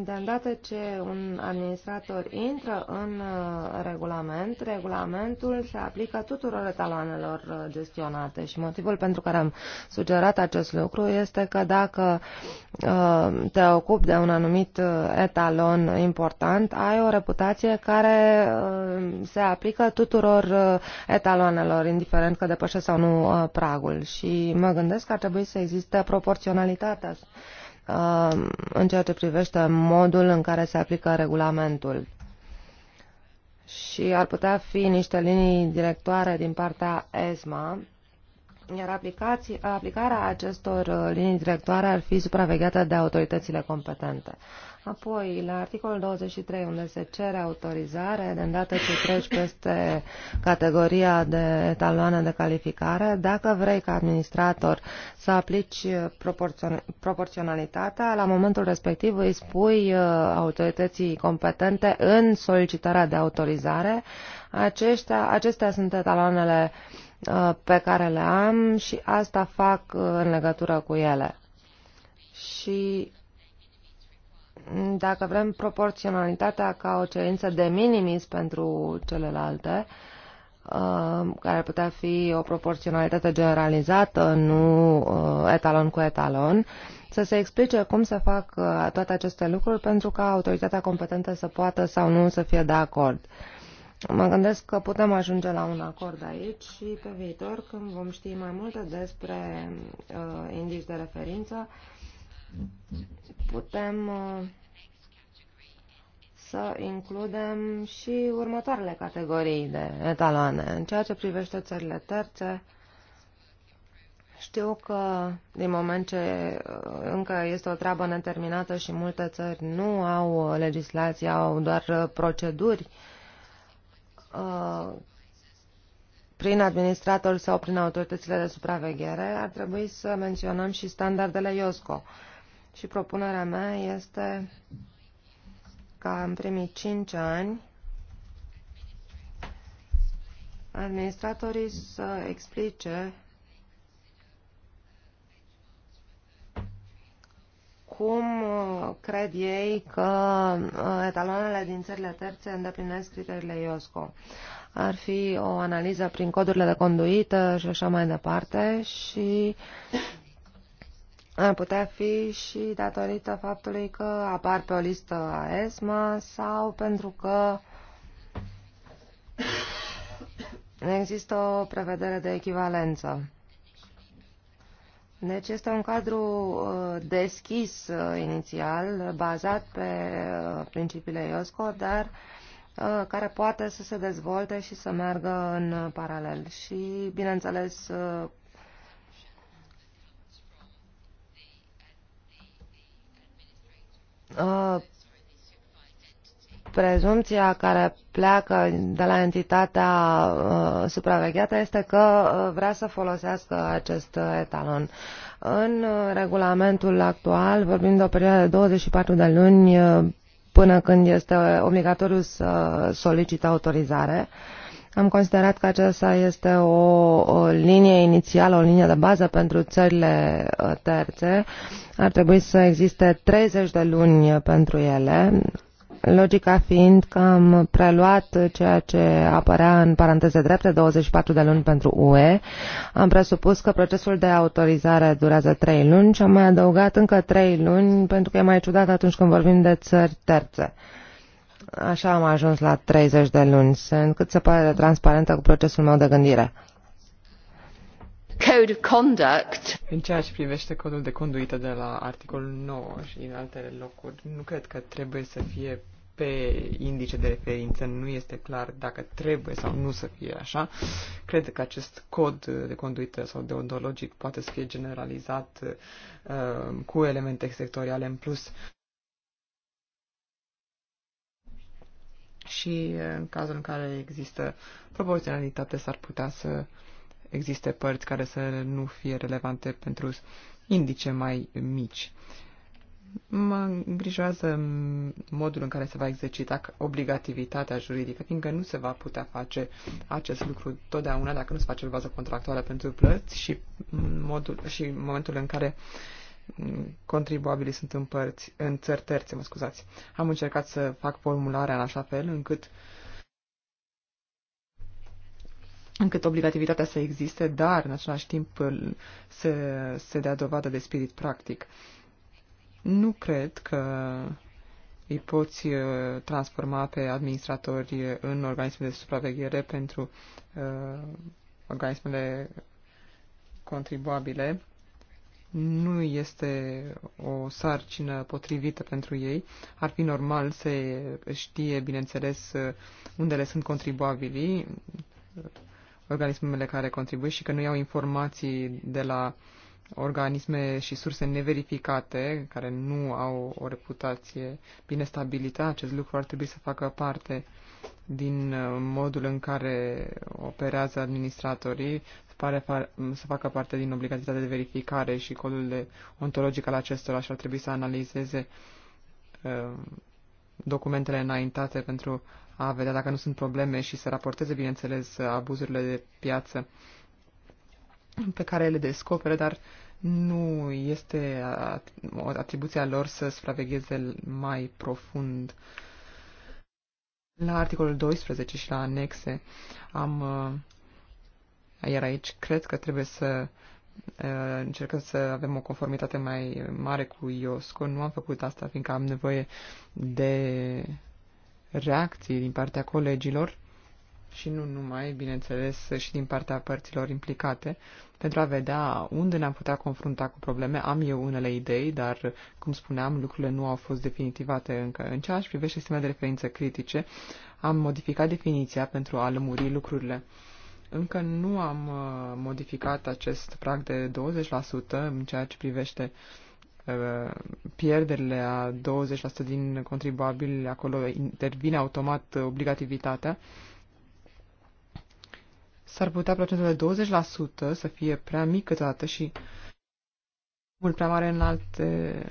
De îndată ce un administrator intră în uh, regulament, regulamentul se aplică tuturor etaloanelor uh, gestionate și motivul pentru care am sugerat acest lucru este că dacă uh, te ocupi de un anumit etalon important, ai o reputație care se aplică tuturor etaloanelor, indiferent că depășesc sau nu pragul și mă gândesc că ar trebui să existe proporționalitatea Uh, în ceea ce privește modul în care se aplică regulamentul. Și ar putea fi niște linii directoare din partea ESMA iar aplicarea acestor uh, linii directoare ar fi supravegheată de autoritățile competente. Apoi, la articolul 23, unde se cere autorizare, de îndată ce treci peste categoria de etaloane de calificare, dacă vrei ca administrator să aplici uh, proporțion proporționalitatea, la momentul respectiv îi spui uh, autorității competente în solicitarea de autorizare. Aceștia, acestea sunt etaloanele uh, Uh, pe care le am și asta fac uh, în legătură cu ele. Și dacă vrem proporționalitatea ca o cerință de minimis pentru celelalte, uh, care ar putea fi o proporționalitate generalizată, nu etalon cu etalon, să se explice cum se fac toate aceste lucruri pentru ca autoritatea competentă să poată sau nu să fie de acord. Mă gândesc că putem ajunge la un acord aici și pe viitor, când vom ști mai multe despre uh, indici de referință, putem uh, să includem și următoarele categorii de etaloane. În ceea ce privește țările terțe, știu că din moment ce uh, încă este o treabă neterminată și multe țări nu au legislație, au doar uh, proceduri uh, Uh, prin administrator sau prin autoritățile de supraveghere, ar trebui să menționăm și standardele IOSCO. Și propunerea mea este ca în primii 5 ani administratorii să explice cum cred ei că uh, etalonele din țările terțe îndeplinesc criteriile IOSCO. Ar fi o analiză prin codurile de conduită și așa mai departe și ar putea fi și datorită faptului că apar pe o listă a ESMA sau pentru că există o prevedere de echivalență. Deci este un cadru uh, deschis uh, inițial, bazat pe uh, principiile IOSCO, dar care poate să se dezvolte și să meargă în paralel. Și, bineînțeles, prezumția care pleacă de la entitatea uh, supravegheată este că uh, vrea să folosească acest etalon. În uh, regulamentul actual vorbim de o perioadă de 24 de luni până când este obligatoriu să solicite autorizare. Am considerat că aceasta este o, o linie inițială, o linie de bază pentru țările terțe. Ar trebui să existe 30 de luni pentru ele. Logica fiind că am preluat ceea ce apărea în paranteze drepte 24 de luni pentru UE, am presupus că procesul de autorizare durează 3 luni și am mai adăugat încă 3 luni pentru că e mai ciudat atunci când vorbim de țări terțe. Așa am ajuns la 30 de luni. Sunt cât se pare de transparentă cu procesul meu de gândire. Code of conduct. În ceea ce privește codul de conduită de la articolul 9 și în altele locuri, nu cred că trebuie să fie pe indice de referință, nu este clar dacă trebuie sau nu să fie așa. Cred că acest cod de conduită sau deontologic poate să fie generalizat uh, cu elemente sectoriale în plus. Și uh, în cazul în care există proporționalitate, s-ar putea să uh, existe părți care să nu fie relevante pentru indice mai mici. Mă îngrijoază modul în care se va exercita obligativitatea juridică, fiindcă nu se va putea face acest lucru totdeauna dacă nu se face bază contractuală pentru plăți și, modul, și momentul în care contribuabilii sunt în, părți, în țări terțe, mă scuzați. Am încercat să fac formularea în așa fel încât uh, încât obligativitatea să existe, dar în același timp se, se dea dovadă de spirit practic. Nu cred că îi poți uh, transforma pe administratori în organisme de supraveghere pentru uh, organismele contribuabile. Nu este o sarcină potrivită pentru ei. Ar fi normal să știe, bineînțeles, uh, unde le sunt contribuabilii, organismele care contribuie și că nu iau informații de la organisme și surse neverificate, care nu au o reputație bine stabilită, acest lucru ar trebui să facă parte din uh, modul în care operează administratorii, să, pare, să facă parte din obligativitatea de verificare și codul de ontologic al acestora și ar trebui să analizeze uh, documentele înaintate pentru a vedea dacă nu sunt probleme și să raporteze, bineînțeles, abuzurile de piață pe care le descopere, dar nu este atribuția lor să supravegheze mai profund. La articolul 12 și la anexe am. Uh, iar aici cred că trebuie să uh, încercăm să avem o conformitate mai mare cu IOSCO. Nu am făcut asta, fiindcă am nevoie de reacții din partea colegilor și nu numai, bineînțeles, și din partea părților implicate, pentru a vedea unde ne-am putea confrunta cu probleme. Am eu unele idei, dar, cum spuneam, lucrurile nu au fost definitivate încă. În ceea ce privește sistemele de referință critice, am modificat definiția pentru a lămuri lucrurile. Încă nu am uh, modificat acest prag de 20% în ceea ce privește uh, Uh, pierderile a 20% din contribuabili, acolo intervine automat obligativitatea, s-ar putea procentul de 20% să fie prea mic câteodată și mult prea mare în alte,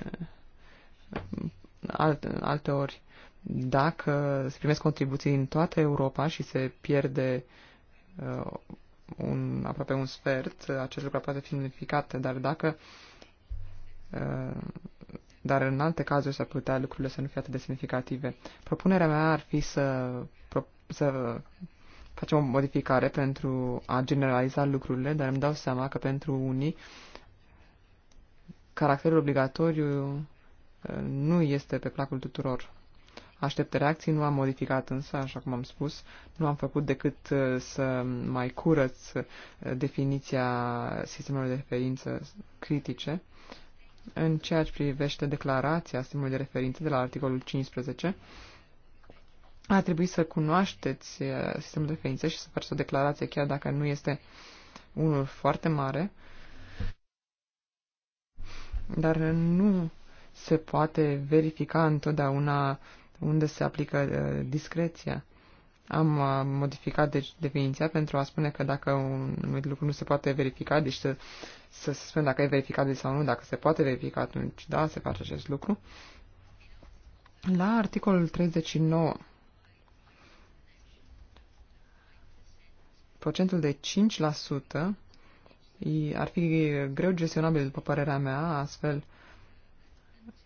alte, alte ori. Dacă se primesc contribuții din toată Europa și se pierde uh, un, aproape un sfert, acest lucru poate fi modificat, dar dacă uh, Uh, dar în alte cazuri s-ar putea lucrurile să nu fie atât de semnificative. Propunerea mea ar fi să, să facem o modificare pentru a generaliza lucrurile, dar îmi dau seama că pentru unii caracterul obligatoriu uh, nu este pe placul tuturor. Aștept reacții, nu am modificat însă, așa cum am spus, nu am făcut decât uh, să mai curăț definiția sistemelor de referință critice în ceea ce privește declarația stimului de referință de la articolul 15, ar trebui să cunoașteți uh, sistemul de referință și să faceți o declarație chiar dacă nu este unul foarte mare, dar nu se poate verifica întotdeauna unde se aplică uh, discreția. Am uh, modificat de- deci, definiția pentru a spune că dacă un anumit lucru nu se poate verifica, deci să, să se spune dacă e verificat sau nu, dacă se poate verifica, atunci da, se face acest lucru. La articolul 39, procentul de 5% ar fi greu gestionabil, după părerea mea, astfel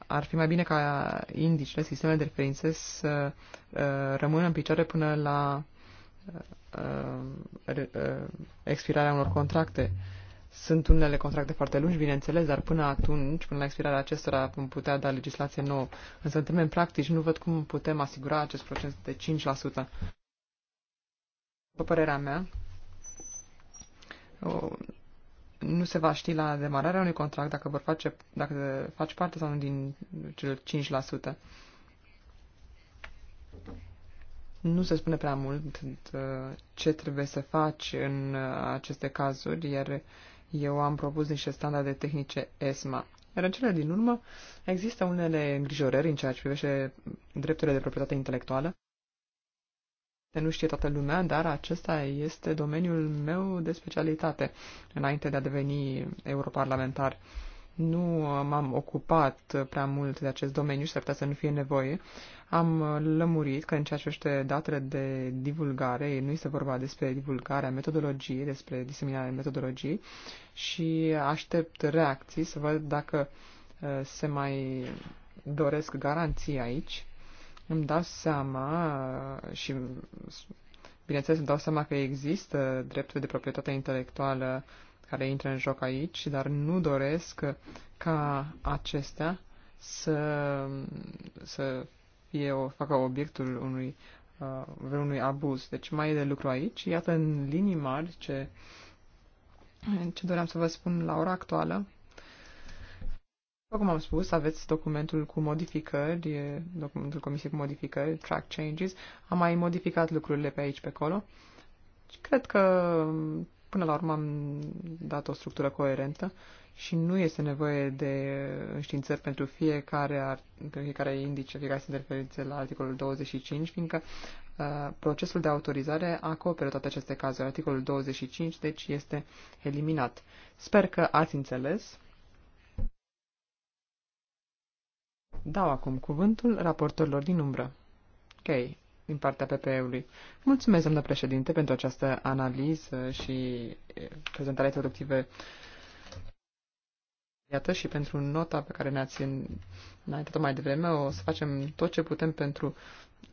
ar fi mai bine ca indicele, sistemele de referințe să uh, rămână în picioare până la uh, uh, expirarea unor contracte. Sunt unele contracte foarte lungi, bineînțeles, dar până atunci, până la expirarea acestora, vom putea da legislație nouă. Însă, în termeni practici, nu văd cum putem asigura acest procent de 5%. După părerea mea, nu se va ști la demararea unui contract dacă vor face, dacă faci parte sau nu din cel 5%. Nu se spune prea mult uh, ce trebuie să faci în uh, aceste cazuri, iar eu am propus niște standarde tehnice ESMA. Iar în cele din urmă există unele îngrijorări în ceea ce privește drepturile de proprietate intelectuală nu știe toată lumea, dar acesta este domeniul meu de specialitate înainte de a deveni europarlamentar. Nu m-am ocupat prea mult de acest domeniu și s-ar putea să nu fie nevoie. Am lămurit că în ceea ce este datele de divulgare, nu este vorba despre divulgarea metodologiei, despre diseminarea metodologiei și aștept reacții să văd dacă uh, se mai doresc garanții aici îmi dau seama și, bineînțeles, îmi dau seama că există drepturi de proprietate intelectuală care intră în joc aici, dar nu doresc ca acestea să, să fie o, facă obiectul unui, uh, vreunui abuz. Deci mai e de lucru aici. Iată în linii mari ce, ce doream să vă spun la ora actuală. După cum am spus, aveți documentul cu modificări, documentul comisiei cu modificări, track changes. Am mai modificat lucrurile pe aici, pe acolo. Cred că până la urmă am dat o structură coerentă și nu este nevoie de înștiințări pentru fiecare, pentru fiecare indice, fiecare sunt referințe la articolul 25, fiindcă uh, procesul de autorizare acoperă toate aceste cazuri. Articolul 25, deci, este eliminat. Sper că ați înțeles Dau acum cuvântul raportorilor din umbră. Ok, din partea PPE-ului. Mulțumesc, domnule președinte, pentru această analiză și prezentare introductive Iată și pentru nota pe care ne-ați înaintat mai devreme, o să facem tot ce putem pentru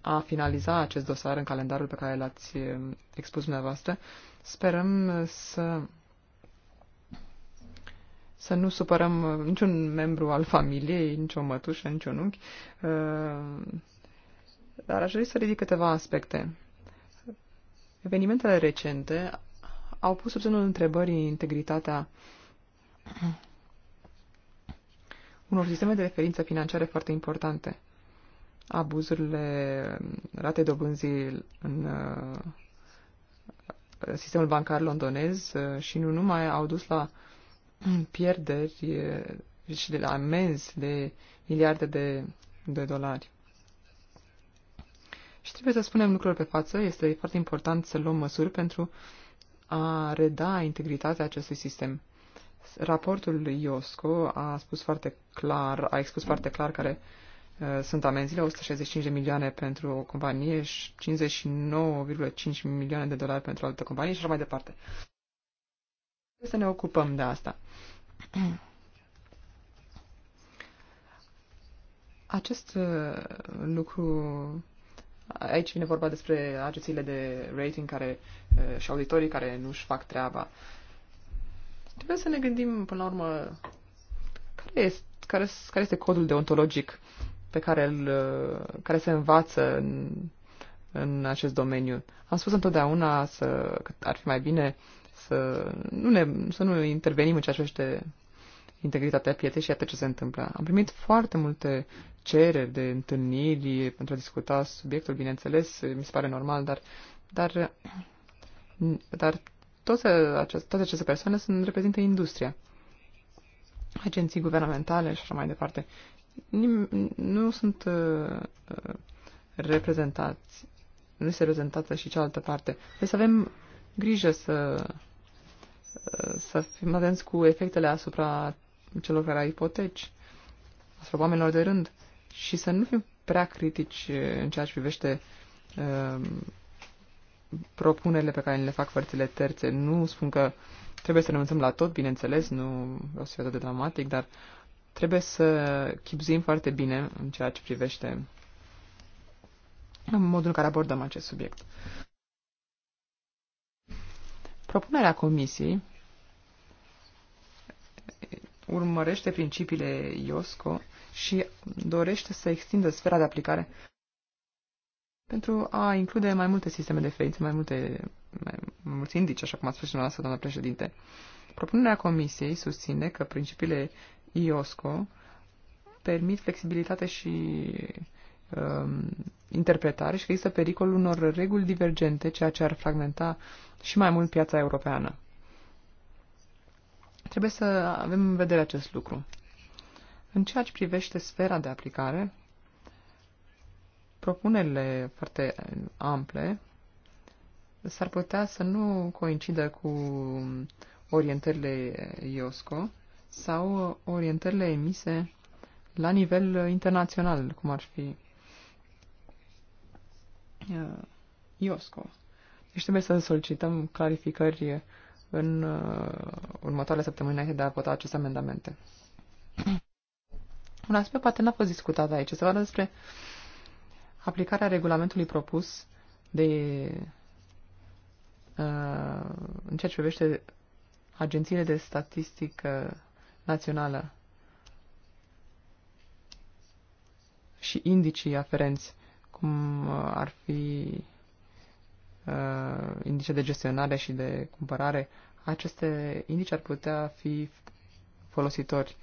a finaliza acest dosar în calendarul pe care l-ați expus dumneavoastră. Sperăm să să nu supărăm uh, niciun membru al familiei, nicio mătușă, niciun unchi. Uh, dar aș vrea să ridic câteva aspecte. Evenimentele recente au pus sub semnul întrebării integritatea unor sisteme de referință financiare foarte importante. Abuzurile ratei dobânzii în uh, sistemul bancar londonez și nu numai au dus la uh, pierderi și de la amenzi de miliarde de, de dolari. Și trebuie să spunem lucrurile pe față, este foarte important să luăm măsuri pentru a reda integritatea acestui sistem. Raportul lui IOSCO a spus foarte clar, a expus foarte clar care uh, sunt amenziile, 165 de milioane pentru o companie și 59,5 milioane de dolari pentru o altă companie și așa mai departe să ne ocupăm de asta. Acest uh, lucru, aici vine vorba despre agențiile de rating care, uh, și auditorii care nu își fac treaba. Trebuie să ne gândim, până la urmă, care este, care, care este codul deontologic pe care, îl, uh, care se învață în, în acest domeniu. Am spus întotdeauna să, că ar fi mai bine să nu, ne, să nu intervenim în ceea ce este integritatea pieței și iată ce se întâmplă. Am primit foarte multe cereri de întâlniri pentru a discuta subiectul, bineînțeles, mi se pare normal, dar, dar, dar toate, aceste, toate aceste persoane sunt, reprezintă industria, agenții guvernamentale și așa mai departe. Nim, nu sunt uh, reprezentați, nu este reprezentată și cealaltă parte. Trebuie deci să avem grijă să să fim atenți cu efectele asupra celor care au ipoteci, asupra oamenilor de rând și să nu fim prea critici în ceea ce privește uh, propunerile pe care le fac părțile terțe. Nu spun că trebuie să renunțăm la tot, bineînțeles, nu vreau să fie atât de dramatic, dar trebuie să chipzim foarte bine în ceea ce privește în modul în care abordăm acest subiect. Propunerea comisiei urmărește principiile IOSCO și dorește să extindă sfera de aplicare pentru a include mai multe sisteme de ferințe, mai multe mai mulți indici, așa cum ați spus și noastră, doamna președinte. Propunerea comisiei susține că principiile IOSCO permit flexibilitate și Um, interpretare și că există pericolul unor reguli divergente, ceea ce ar fragmenta și mai mult piața europeană. Trebuie să avem în vedere acest lucru. În ceea ce privește sfera de aplicare, propunerile foarte ample s-ar putea să nu coincidă cu orientările IOSCO sau orientările emise la nivel internațional, cum ar fi Uh, IOSCO. Deci trebuie să solicităm clarificări uh, în uh, următoarele săptămâni înainte de a vota aceste amendamente. Un aspect poate n-a fost discutat aici. Se vorbește despre aplicarea regulamentului propus de uh, în ceea ce privește agențiile de statistică națională și indicii aferenți cum uh, ar fi uh, indice de gestionare și de cumpărare, aceste indice ar putea fi folositori.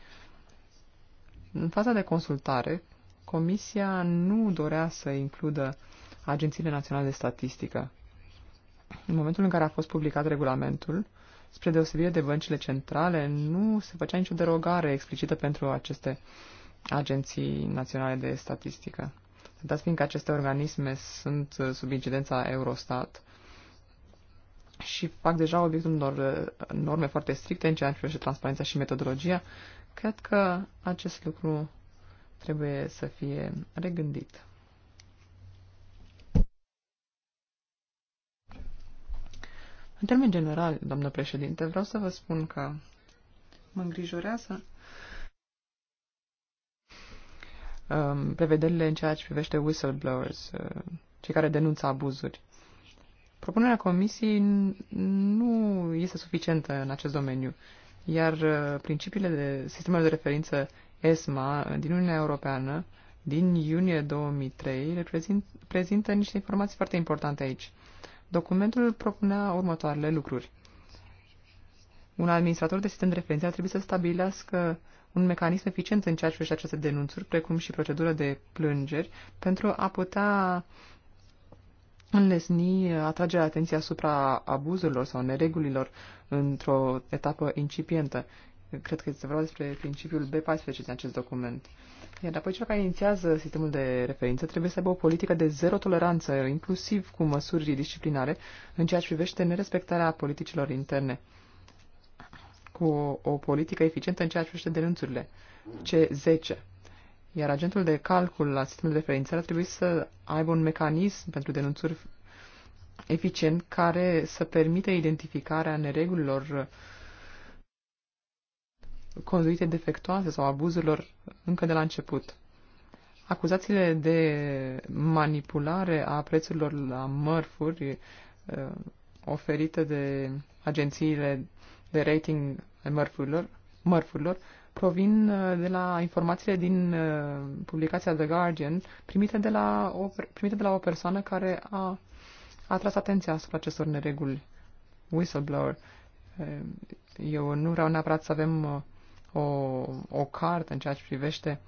În faza de consultare, Comisia nu dorea să includă agențiile naționale de statistică. În momentul în care a fost publicat regulamentul, spre deosebire de băncile centrale, nu se făcea nicio derogare explicită pentru aceste agenții naționale de statistică. Dat că aceste organisme sunt uh, sub incidența Eurostat și fac deja obiectul unor uh, norme foarte stricte în ceea ce privește transparența și metodologia, cred că acest lucru trebuie să fie regândit. În termen general, doamnă președinte, vreau să vă spun că mă îngrijorează um, prevederile în ceea ce privește whistleblowers, uh, cei care denunță abuzuri. Propunerea comisiei nu este suficientă în acest domeniu, iar uh, principiile de sistemele de referință ESMA uh, din Uniunea Europeană din iunie 2003 reprezint, prezintă niște informații foarte importante aici. Documentul propunea următoarele lucruri. Un administrator de sistem de referință ar trebui să stabilească un mecanism eficient în ceea ce privește aceste denunțuri, precum și procedură de plângeri, pentru a putea înlesni atragerea atenției asupra abuzurilor sau neregulilor într-o etapă incipientă. Cred că este vorba despre principiul B14 din acest document. Iar apoi cel care inițiază sistemul de referință trebuie să aibă o politică de zero toleranță, inclusiv cu măsuri disciplinare, în ceea ce privește nerespectarea politicilor interne cu o, o politică eficientă în ceea ce privește denunțurile, C10. Iar agentul de calcul la sistemul de referință ar trebui să aibă un mecanism pentru denunțuri eficient care să permită identificarea neregulilor conduite defectoase sau abuzurilor încă de la început. Acuzațiile de manipulare a prețurilor la mărfuri uh, oferite de agențiile de rating mărfurilor, mărfurilor provin uh, de la informațiile din uh, publicația The Guardian primite de la o, primite de la o persoană care a atras atenția asupra acestor nereguli, whistleblower. Uh, eu nu vreau neapărat să avem o, o carte în ceea ce privește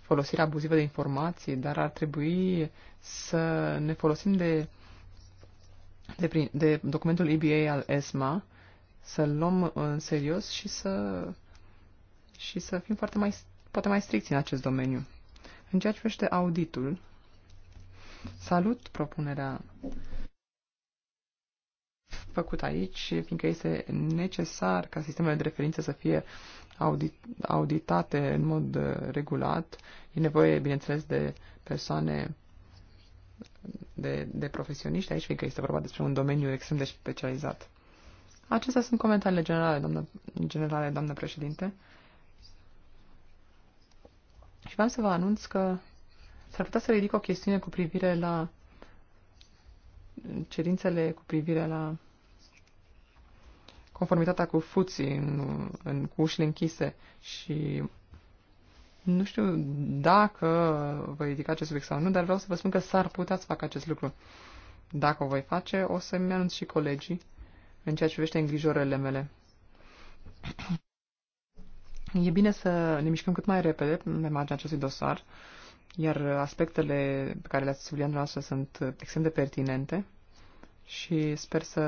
folosirea abuzivă de informații, dar ar trebui să ne folosim de, de, de documentul EBA al ESMA, să-l luăm în serios și să, și să fim foarte mai, poate mai stricți în acest domeniu. În ceea ce privește auditul, salut propunerea făcut aici, fiindcă este necesar ca sistemele de referință să fie audit, auditate în mod uh, regulat. E nevoie, bineînțeles, de persoane, de, de profesioniști aici, fiindcă este vorba despre un domeniu extrem de specializat. Acestea sunt comentariile generale, doamnă, generale, doamnă președinte. Și vreau să vă anunț că s-ar putea să ridic o chestiune cu privire la cerințele cu privire la conformitatea cu fuții în, în, cu ușile închise și nu știu dacă vă ridica acest subiect sau nu, dar vreau să vă spun că s-ar putea să fac acest lucru. Dacă o voi face, o să-mi anunț și colegii în ceea ce privește îngrijorările mele. E bine să ne mișcăm cât mai repede pe marginea acestui dosar, iar aspectele pe care le-ați subliniat noastră sunt extrem de pertinente și sper să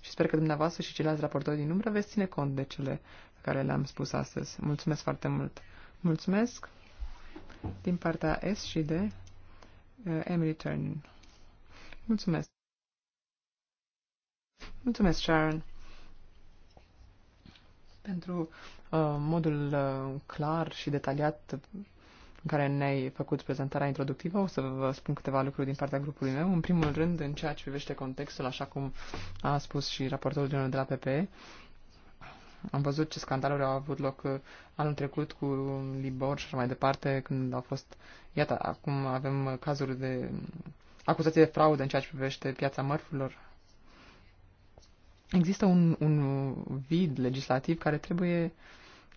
și sper că dumneavoastră și ceilalți raportori din umbră veți ține cont de cele pe care le-am spus astăzi. Mulțumesc foarte mult! Mulțumesc din partea S și de uh, Emily Turn. Mulțumesc! Mulțumesc, Sharon, pentru uh, modul uh, clar și detaliat în care ne-ai făcut prezentarea introductivă. O să vă spun câteva lucruri din partea grupului meu. În primul rând, în ceea ce privește contextul, așa cum a spus și raportorul general de la PPE, am văzut ce scandaluri au avut loc uh, anul trecut cu Libor și așa mai departe, când au fost, iată, acum avem cazuri de acuzații de fraudă în ceea ce privește piața mărfurilor, Există un, un uh, vid legislativ care trebuie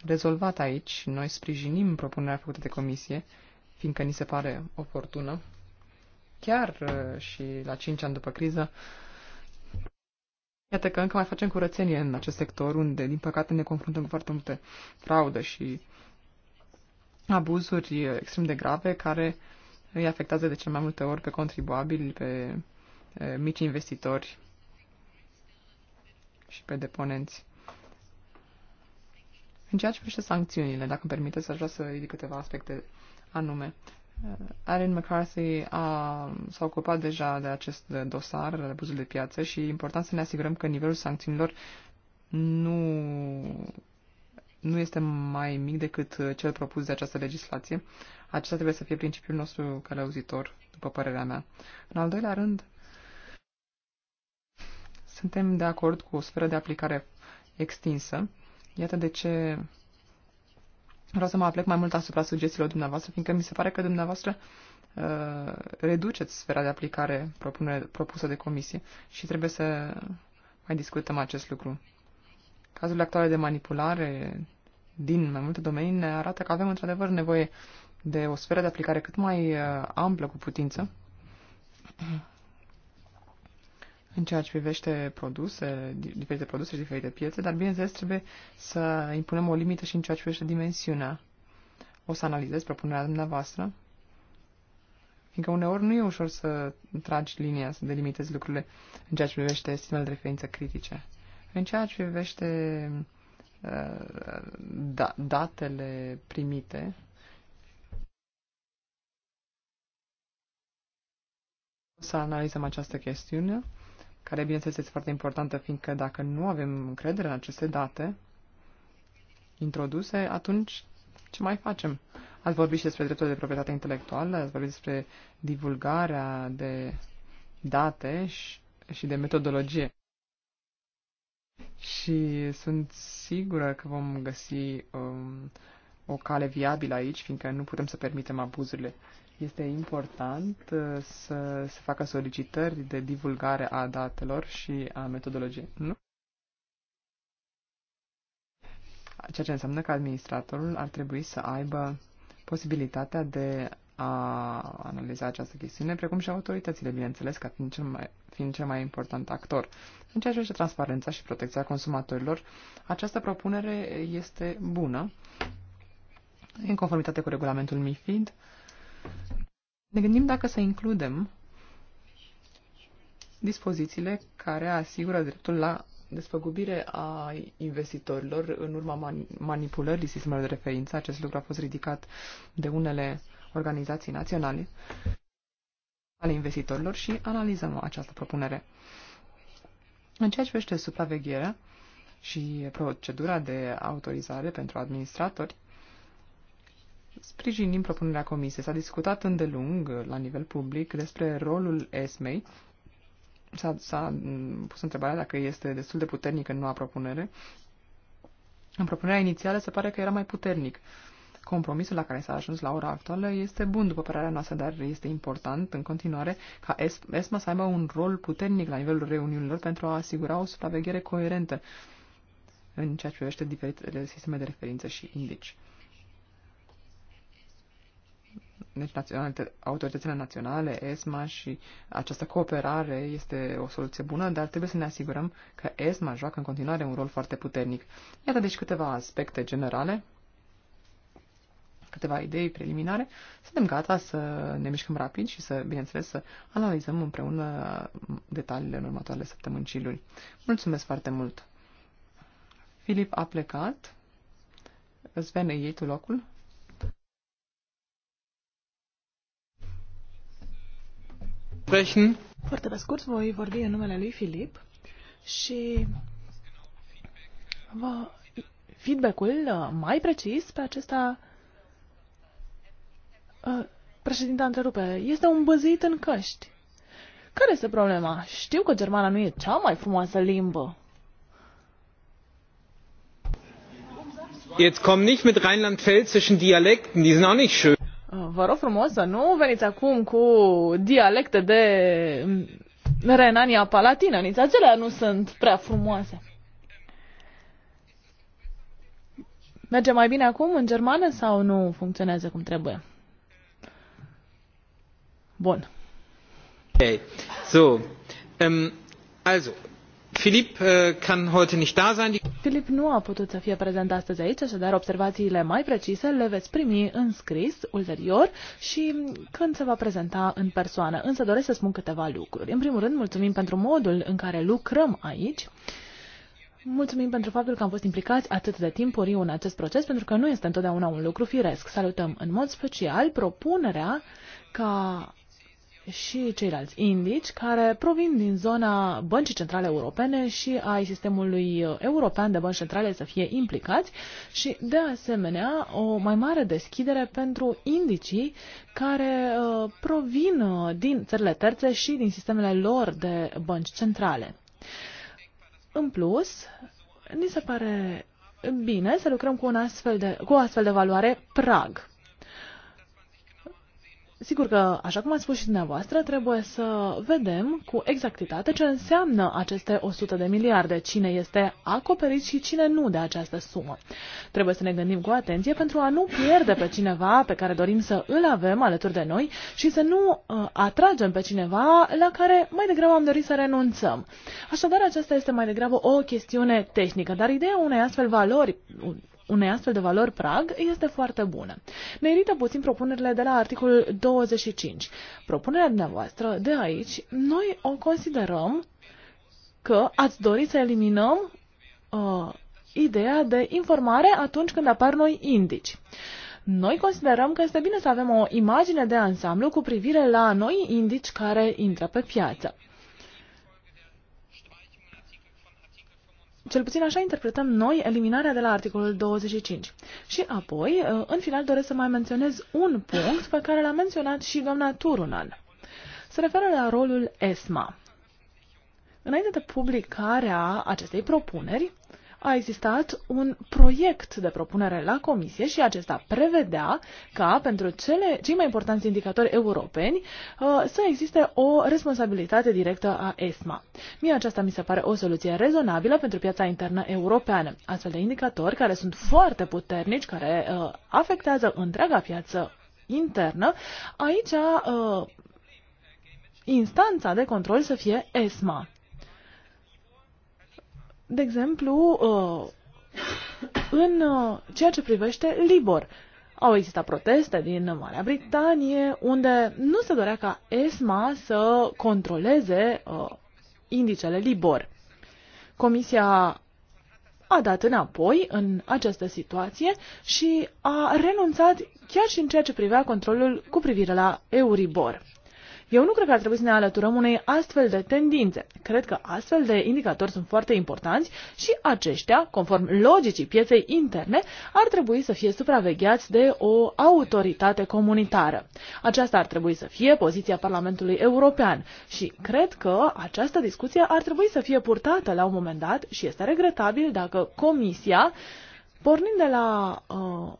rezolvat aici. Noi sprijinim propunerea făcută de comisie, fiindcă ni se pare oportună. Chiar uh, și la 5 ani după criză, iată că încă mai facem curățenie în acest sector, unde, din păcate, ne confruntăm cu foarte multe fraude și abuzuri uh, extrem de grave care îi afectează de cel mai multe ori pe contribuabili, pe mici investitori și pe deponenți. În ceea ce privește sancțiunile, dacă îmi permiteți, aș vrea să ridic câteva aspecte anume. Uh, Aaron McCarthy a, s-a ocupat deja de acest dosar, de abuzul de piață, și e important să ne asigurăm că nivelul sancțiunilor nu, nu este mai mic decât cel propus de această legislație. Acesta trebuie să fie principiul nostru călăuzitor, după părerea mea. În al doilea rând, suntem de acord cu o sferă de aplicare extinsă. Iată de ce vreau să mă aplec mai mult asupra sugestiilor dumneavoastră, fiindcă mi se pare că dumneavoastră uh, reduceți sfera de aplicare propune, propusă de comisie și trebuie să mai discutăm acest lucru. Cazul actuale de manipulare din mai multe domenii ne arată că avem într-adevăr nevoie de o sferă de aplicare cât mai uh, amplă cu putință în ceea ce privește produse, diferite produse și diferite piețe, dar bineînțeles trebuie să impunem o limită și în ceea ce privește dimensiunea. O să analizez propunerea dumneavoastră, fiindcă uneori nu e ușor să tragi linia, să delimitezi lucrurile în ceea ce privește estimele de referință critice. În ceea ce privește uh, da, datele primite, să analizăm această chestiune care, bineînțeles, este foarte importantă, fiindcă dacă nu avem încredere în aceste date introduse, atunci ce mai facem? Ați vorbit și despre dreptul de proprietate intelectuală, ați vorbit despre divulgarea de date și, și de metodologie. Și sunt sigură că vom găsi um, o cale viabilă aici, fiindcă nu putem să permitem abuzurile. Este important uh, să se facă solicitări de divulgare a datelor și a metodologiei. Nu? Ceea ce înseamnă că administratorul ar trebui să aibă posibilitatea de a analiza această chestiune, precum și autoritățile, bineînțeles, ca fiind cel mai, fiind cel mai important actor. În ceea ce privește transparența și protecția consumatorilor, această propunere este bună. În conformitate cu regulamentul MIFID, ne gândim dacă să includem dispozițiile care asigură dreptul la desfăgubire a investitorilor în urma manipulării sistemelor de referință. Acest lucru a fost ridicat de unele organizații naționale ale investitorilor și analizăm această propunere. În ceea ce privește supravegherea și procedura de autorizare pentru administratori, sprijinim propunerea comisiei. S-a discutat îndelung la nivel public despre rolul ESMEI. S-a, s-a mm, pus întrebarea dacă este destul de puternic în noua propunere. În propunerea inițială se pare că era mai puternic. Compromisul la care s-a ajuns la ora actuală este bun, după părerea noastră, dar este important în continuare ca ESMA să aibă un rol puternic la nivelul reuniunilor pentru a asigura o supraveghere coerentă în ceea ce privește diferitele sisteme de referință și indici deci autoritățile naționale, ESMA și această cooperare este o soluție bună, dar trebuie să ne asigurăm că ESMA joacă în continuare un rol foarte puternic. Iată deci câteva aspecte generale, câteva idei preliminare. Suntem gata să ne mișcăm rapid și să, bineînțeles, să analizăm împreună detaliile în următoarele săptămâni și luni. Mulțumesc foarte mult! Filip a plecat. Sven, iei tu locul? sprechen. Foarte pe scurt voi vorbi în numele lui Filip și vă feedback-ul uh, mai precis pe acesta uh, președinte întrerupe. Este un băzit în căști. Care este problema? Știu că germana nu e cea mai frumoasă limbă. Jetzt komm nicht mit rheinland-pfälzischen Dialekten, die sind auch nicht schön vă rog frumos să nu veniți acum cu dialecte de Renania Palatină. Nici acelea nu sunt prea frumoase. Merge mai bine acum în germană sau nu funcționează cum trebuie? Bun. Okay. So, um, also, Eh, da Filip nu a putut să fie prezent astăzi aici, așadar observațiile mai precise le veți primi în scris ulterior și când se va prezenta în persoană. Însă doresc să spun câteva lucruri. În primul rând, mulțumim pentru modul în care lucrăm aici. Mulțumim pentru faptul că am fost implicați atât de timpuriu în acest proces, pentru că nu este întotdeauna un lucru firesc. Salutăm în mod special propunerea ca și ceilalți indici care provin din zona Băncii Centrale Europene și ai sistemului european de bănci centrale să fie implicați și, de asemenea, o mai mare deschidere pentru indicii care uh, provin uh, din țările terțe și din sistemele lor de bănci centrale. În plus, ni se pare bine să lucrăm cu, un astfel de, cu o astfel de valoare prag Sigur că, așa cum ați spus și dumneavoastră, trebuie să vedem cu exactitate ce înseamnă aceste 100 de miliarde, cine este acoperit și cine nu de această sumă. Trebuie să ne gândim cu atenție pentru a nu pierde pe cineva pe care dorim să îl avem alături de noi și să nu uh, atragem pe cineva la care mai degrabă am dorit să renunțăm. Așadar, aceasta este mai degrabă o chestiune tehnică, dar ideea unei astfel valori, unei astfel de valori prag este foarte bună. Ne puțin propunerile de la articolul 25. Propunerea dumneavoastră de aici, noi o considerăm că ați dori să eliminăm uh, ideea de informare atunci când apar noi indici. Noi considerăm că este bine să avem o imagine de ansamblu cu privire la noi indici care intră pe piață. Cel puțin așa interpretăm noi eliminarea de la articolul 25. Și apoi, uh, în final, doresc să mai menționez un punct pe care l-a menționat și doamna Turunan. Se referă la rolul ESMA. Înainte de publicarea acestei propuneri, a existat un proiect de propunere la Comisie și acesta prevedea ca pentru cele, cei mai importanți indicatori europeni uh, să existe o responsabilitate directă a ESMA. Mie aceasta mi se pare o soluție rezonabilă pentru piața internă europeană. Astfel de indicatori care sunt foarte puternici, care uh, afectează întreaga piață internă, aici uh, instanța de control să fie ESMA de exemplu, uh, în uh, ceea ce privește Libor. Au existat proteste din Marea Britanie, unde nu se dorea ca ESMA să controleze uh, indicele Libor. Comisia a dat înapoi în această situație și a renunțat chiar și în ceea ce privea controlul cu privire la Euribor. Eu nu cred că ar trebui să ne alăturăm unei astfel de tendințe. Cred că astfel de indicatori sunt foarte importanți și aceștia, conform logicii pieței interne, ar trebui să fie supravegheați de o autoritate comunitară. Aceasta ar trebui să fie poziția Parlamentului European și cred că această discuție ar trebui să fie purtată la un moment dat și este regretabil dacă Comisia pornind de la uh,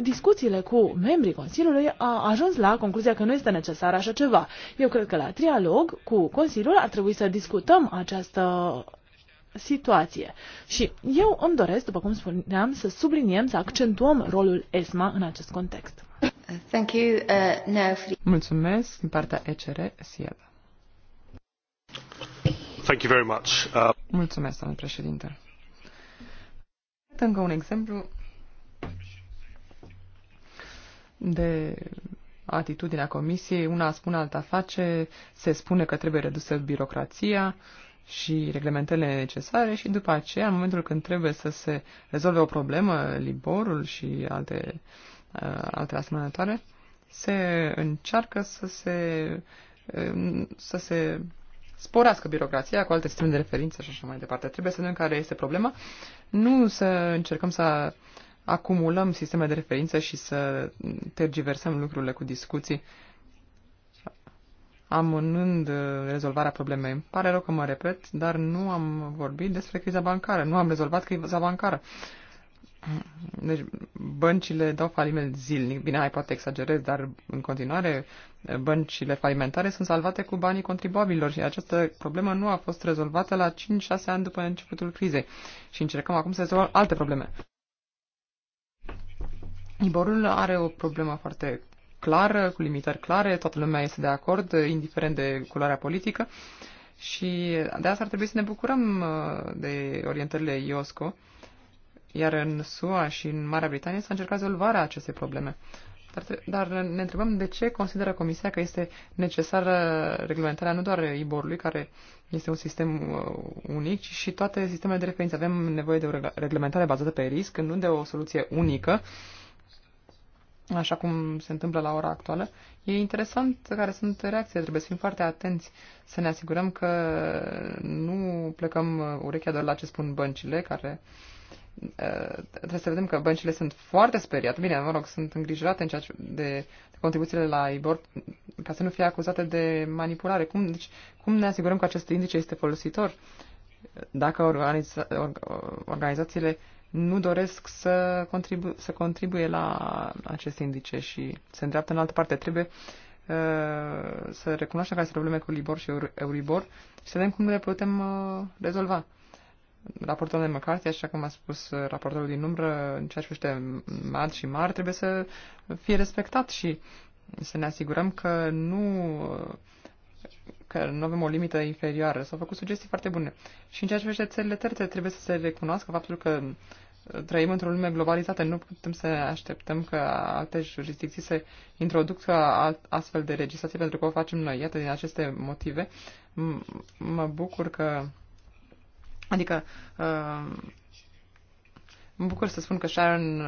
discuțiile cu membrii Consiliului a ajuns la concluzia că nu este necesar așa ceva. Eu cred că la trialog cu Consiliul ar trebui să discutăm această situație. Și eu îmi doresc, după cum spuneam, să subliniem, să accentuăm rolul ESMA în acest context. Thank you, uh, no, free. Mulțumesc din partea ECR, Sieva. Thank you very much. Uh... Mulțumesc, domnule președinte. Încă un exemplu de atitudinea comisiei, una spune alta face, se spune că trebuie redusă birocrația și reglementele necesare și după aceea, în momentul când trebuie să se rezolve o problemă, liborul și alte, uh, alte asemănătoare, se încearcă să se, uh, să se sporească birocrația cu alte sisteme de referință și așa mai departe. Trebuie să vedem care este problema, nu să încercăm să acumulăm sisteme de referință și să tergiversăm lucrurile cu discuții, amânând uh, rezolvarea problemei. Îmi pare rău că mă repet, dar nu am vorbit despre criza bancară. Nu am rezolvat criza bancară. Deci băncile dau faliment zilnic. Bine, ai poate exagerez, dar în continuare băncile falimentare sunt salvate cu banii contribuabililor și această problemă nu a fost rezolvată la 5-6 ani după începutul crizei. Și încercăm acum să rezolvăm alte probleme. Iborul are o problemă foarte clară, cu limitări clare, toată lumea este de acord, indiferent de culoarea politică. Și de asta ar trebui să ne bucurăm uh, de orientările IOSCO. Iar în SUA și în Marea Britanie s-a încercat rezolvarea acestei probleme. Dar, dar ne întrebăm de ce consideră Comisia că este necesară reglementarea nu doar IBOR-ului, care este un sistem uh, unic, ci și toate sistemele de referință. Avem nevoie de o reglementare bazată pe risc, nu de o soluție unică, uh, așa cum se întâmplă la ora actuală. E interesant care sunt reacțiile. Trebuie să fim foarte atenți să ne asigurăm că nu plecăm urechea doar la ce spun băncile, care ă, trebuie să vedem că băncile sunt foarte speriate. Bine, mă rog, sunt îngrijorate în ceea ce de, de contribuțiile la IBOR ca să nu fie acuzate de manipulare. Cum, deci, cum ne asigurăm că acest indice este folositor? Dacă organiza, organizațiile nu doresc să, contribu- să contribuie la acest indice și se îndreaptă în altă parte. Trebuie uh, să recunoaștem care sunt probleme cu Libor și Euribor și să vedem cum le putem uh, rezolva. Raportul de McCarthy, așa cum a spus uh, raportorul din umbră, în ceea ce privește mad și mar, trebuie să fie respectat și să ne asigurăm că nu uh, că nu avem o limită inferioară. S-au făcut sugestii foarte bune. Și în ceea ce privește țările terțe, trebuie să se recunoască faptul că trăim într-o lume globalizată, nu putem să așteptăm că alte jurisdicții să introducă astfel de legislație pentru că o facem noi. Iată, din aceste motive, mă bucur că. Adică. Uh, mă bucur să spun că Sharon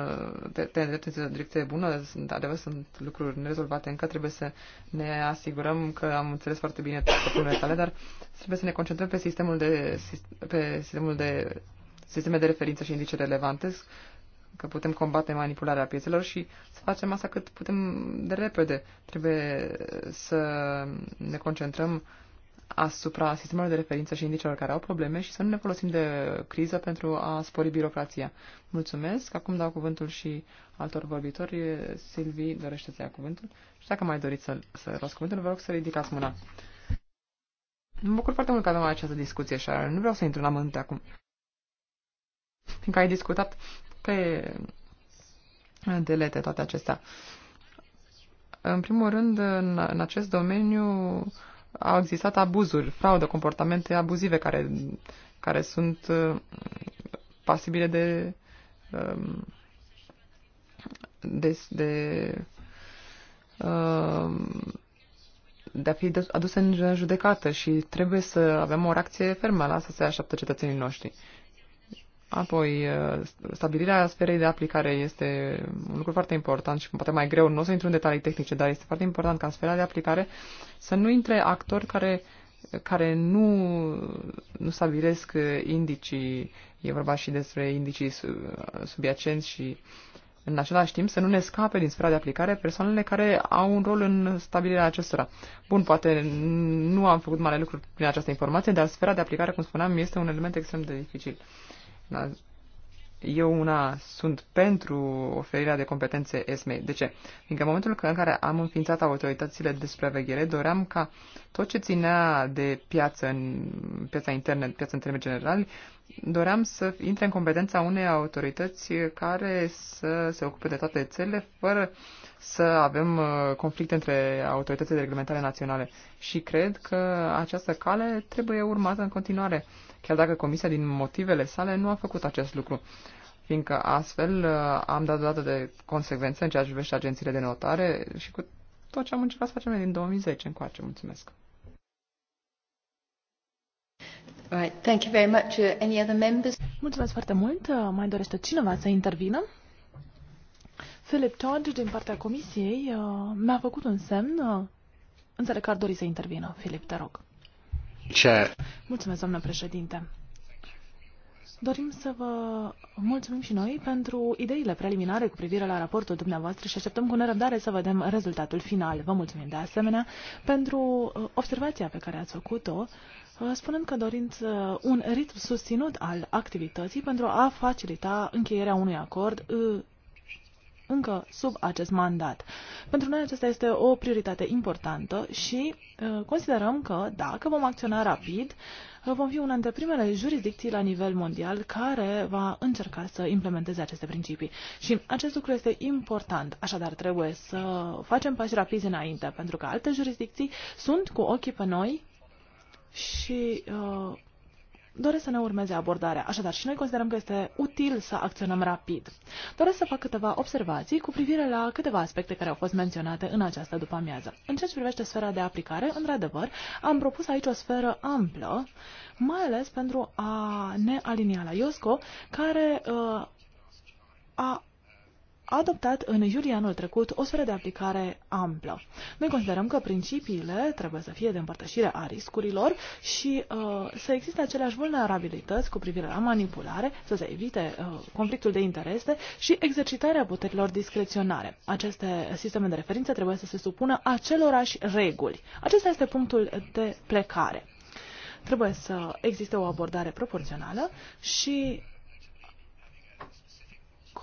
uh, te, te îndrept într-o direcție bună, sunt, adevăr, sunt lucruri nerezolvate încă, trebuie să ne asigurăm că am înțeles foarte bine propunerile tale, dar trebuie să ne concentrăm pe sistemul de, pe sistemul de sisteme de referință și indice relevante, că putem combate manipularea piețelor și să facem asta cât putem de repede. Trebuie să ne concentrăm asupra sistemelor de referință și indicelor care au probleme și să nu ne folosim de criză pentru a spori birocrația. Mulțumesc. Acum dau cuvântul și altor vorbitori. Silvi dorește să ia cuvântul. Și dacă mai doriți să, să luați cuvântul, vă rog să ridicați mâna. Mă bucur foarte mult că avem această discuție și nu vreau să intru la mânte acum fiindcă ai discutat pe delete toate acestea. În primul rând, în, în acest domeniu au existat abuzuri, fraudă, comportamente abuzive care, care sunt uh, pasibile de, um, de, de, um, de a fi aduse în judecată și trebuie să avem o reacție fermă la asta se așteaptă cetățenii noștri. Apoi, ă, stabilirea sferei de aplicare este un lucru foarte important și poate mai greu. Nu o să intru în detalii tehnice, dar este foarte important ca sfera de aplicare să nu intre actori care, care nu, nu stabilesc indicii. E vorba și despre indicii subiacenți și în același timp să nu ne scape din sfera de aplicare persoanele care au un rol în stabilirea acestora. Bun, poate nu am făcut mare lucruri prin această informație, dar sfera de aplicare, cum spuneam, este un element extrem de dificil. Da? eu una sunt pentru oferirea de competențe ESMEI. De ce? Fiindcă în momentul în care am înființat autoritățile de supraveghere, doream ca tot ce ținea de piață, în piața internă, piața în termeni generali, doream să intre în competența unei autorități care să se ocupe de toate țările, fără să avem uh, conflicte între autoritățile de reglementare naționale. Și cred că această cale trebuie urmată în continuare chiar dacă Comisia, din motivele sale, nu a făcut acest lucru fiindcă astfel uh, am dat dată de consecvență în ceea ce privește agențiile de notare și cu tot ce am încercat să facem din 2010 încoace. Mulțumesc. Right. Thank you very much. Uh, any other members? Mulțumesc foarte mult. Uh, mai dorește cineva să intervină? Philip Todd, din partea comisiei, mi-a făcut un semn. Înțeleg că ar dori să intervină. Philip, te rog. Mulțumesc, doamnă președinte. Dorim să vă mulțumim și noi pentru ideile preliminare cu privire la raportul dumneavoastră și așteptăm cu nerăbdare să vedem rezultatul final. Vă mulțumim de asemenea pentru uh, observația pe care ați făcut-o, uh, spunând că dorind uh, un ritm susținut al activității pentru a facilita încheierea unui acord încă sub acest mandat. Pentru noi acesta este o prioritate importantă și uh, considerăm că dacă vom acționa rapid, uh, vom fi una dintre primele jurisdicții la nivel mondial care va încerca să implementeze aceste principii. Și acest lucru este important, așadar trebuie să facem pași rapizi înainte, pentru că alte jurisdicții sunt cu ochii pe noi și uh, doresc să ne urmeze abordarea. Așadar, și noi considerăm că este util să acționăm rapid. Doresc să fac câteva observații cu privire la câteva aspecte care au fost menționate în această după-amiază. În ceea ce privește sfera de aplicare, într-adevăr, am propus aici o sferă amplă, mai ales pentru a ne alinia la IOSCO, care uh, a a adoptat în iulie anul trecut o sferă de aplicare amplă. Noi considerăm că principiile trebuie să fie de împărtășire a riscurilor și uh, să existe aceleași vulnerabilități cu privire la manipulare, să se evite uh, conflictul de interese și exercitarea puterilor discreționare. Aceste sisteme de referință trebuie să se supună acelorași reguli. Acesta este punctul de plecare. Trebuie să existe o abordare proporțională și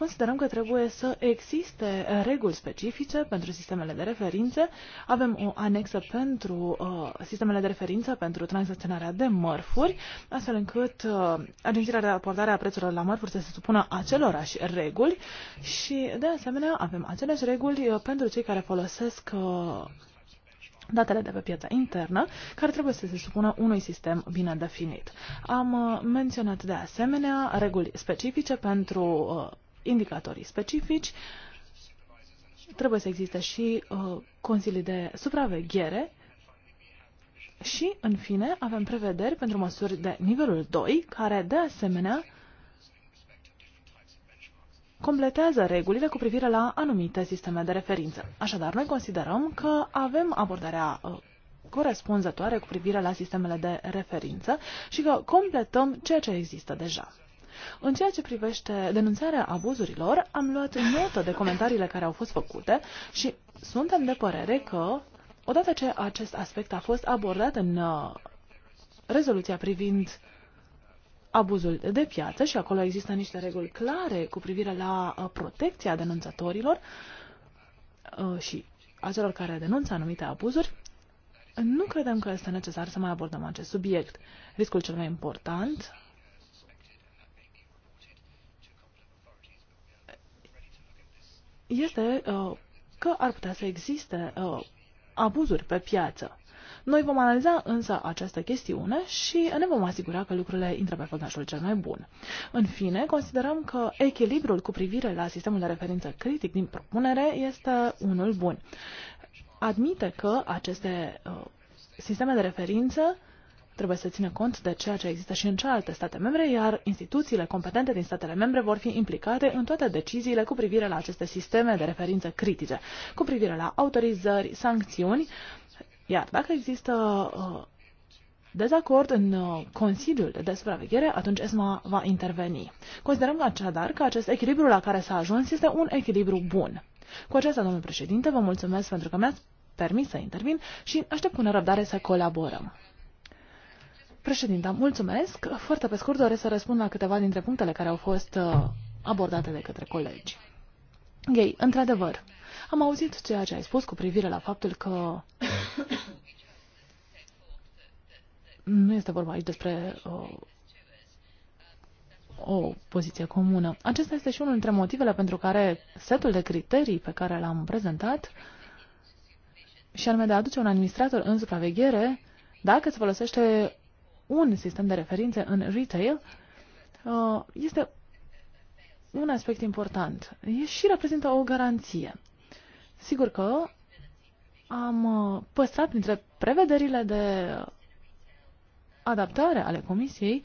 considerăm că trebuie să existe reguli specifice pentru sistemele de referință Avem o anexă pentru uh, sistemele de referință pentru tranzacționarea de mărfuri, astfel încât uh, agențiile de raportare a prețurilor la mărfuri să se supună acelorași reguli și, de asemenea, avem aceleași reguli uh, pentru cei care folosesc uh, datele de pe piața internă, care trebuie să se supună unui sistem bine definit. Am uh, menționat de asemenea reguli specifice pentru uh, indicatorii specifici, trebuie să existe și uh, consilii de supraveghere și, în fine, avem prevederi pentru măsuri de nivelul 2, care, de asemenea, completează regulile cu privire la anumite sisteme de referință. Așadar, noi considerăm că avem abordarea uh, corespunzătoare cu privire la sistemele de referință și că completăm ceea ce există deja. În ceea ce privește denunțarea abuzurilor, am luat notă de comentariile care au fost făcute și suntem de părere că, odată ce acest aspect a fost abordat în uh, rezoluția privind abuzul de piață și acolo există niște reguli clare cu privire la uh, protecția denunțătorilor uh, și a celor care denunță anumite abuzuri, nu credem că este necesar să mai abordăm acest subiect. Riscul cel mai important este uh, că ar putea să existe uh, abuzuri pe piață. Noi vom analiza însă această chestiune și ne vom asigura că lucrurile intră pe făgașul cel mai bun. În fine, considerăm că echilibrul cu privire la sistemul de referință critic din propunere este unul bun. Admite că aceste uh, sisteme de referință uh, Trebuie să țină cont de ceea ce există și în celelalte state membre, iar instituțiile competente din statele membre vor fi implicate în toate deciziile cu privire la aceste sisteme de referință critice, cu privire la autorizări, sancțiuni, iar dacă există uh, dezacord în uh, Consiliul de Supraveghere, atunci ESMA va interveni. Considerăm așadar că acest echilibru la care s-a ajuns este un echilibru bun. Cu aceasta, domnule președinte, vă mulțumesc pentru că mi-ați permis să intervin și aștept cu nerăbdare să colaborăm. Președinte, mulțumesc. Foarte pe scurt doresc să răspund la câteva dintre punctele care au fost uh, abordate de către colegi. Ei, într-adevăr, am auzit ceea ce ai spus cu privire la faptul că nu este vorba aici despre uh, o poziție comună. Acesta este și unul dintre motivele pentru care setul de criterii pe care l-am prezentat și anume de a aduce un administrator în supraveghere, dacă se folosește un sistem de referințe în retail uh, este un aspect important și reprezintă o garanție. Sigur că am uh, păstrat printre prevederile de adaptare ale Comisiei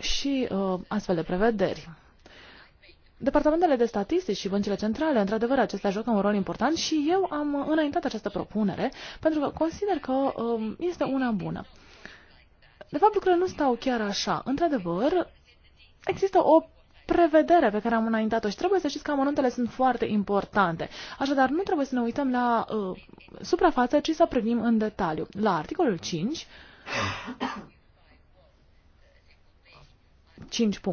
și uh, astfel de prevederi. Departamentele de statistici și băncile centrale, într-adevăr, acestea joacă un rol important și eu am înaintat această propunere pentru că consider că uh, este una bună. De fapt, lucrurile nu stau chiar așa. Într-adevăr, există o prevedere pe care am înaintat-o și trebuie să știți că amănuntele sunt foarte importante. Așadar, nu trebuie să ne uităm la uh, suprafață, ci să privim în detaliu. La articolul 5, 5.1,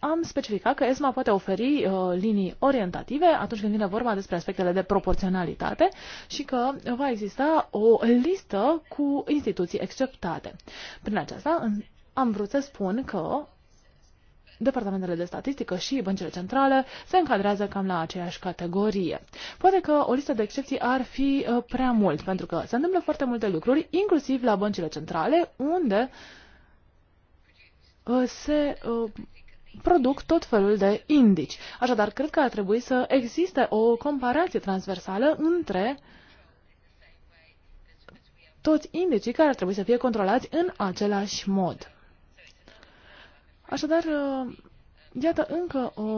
am specificat că ESMA poate oferi uh, linii orientative atunci când vine vorba despre aspectele de proporționalitate și că va exista o listă cu instituții exceptate. Prin aceasta am vrut să spun că departamentele de statistică și băncile centrale se încadrează cam la aceeași categorie. Poate că o listă de excepții ar fi uh, prea mult, pentru că se întâmplă foarte multe lucruri, inclusiv la băncile centrale, unde uh, se uh, produc tot felul de indici. Așadar, cred că ar trebui să existe o comparație transversală între toți indicii care ar trebui să fie controlați în același mod. Așadar, uh, iată încă o,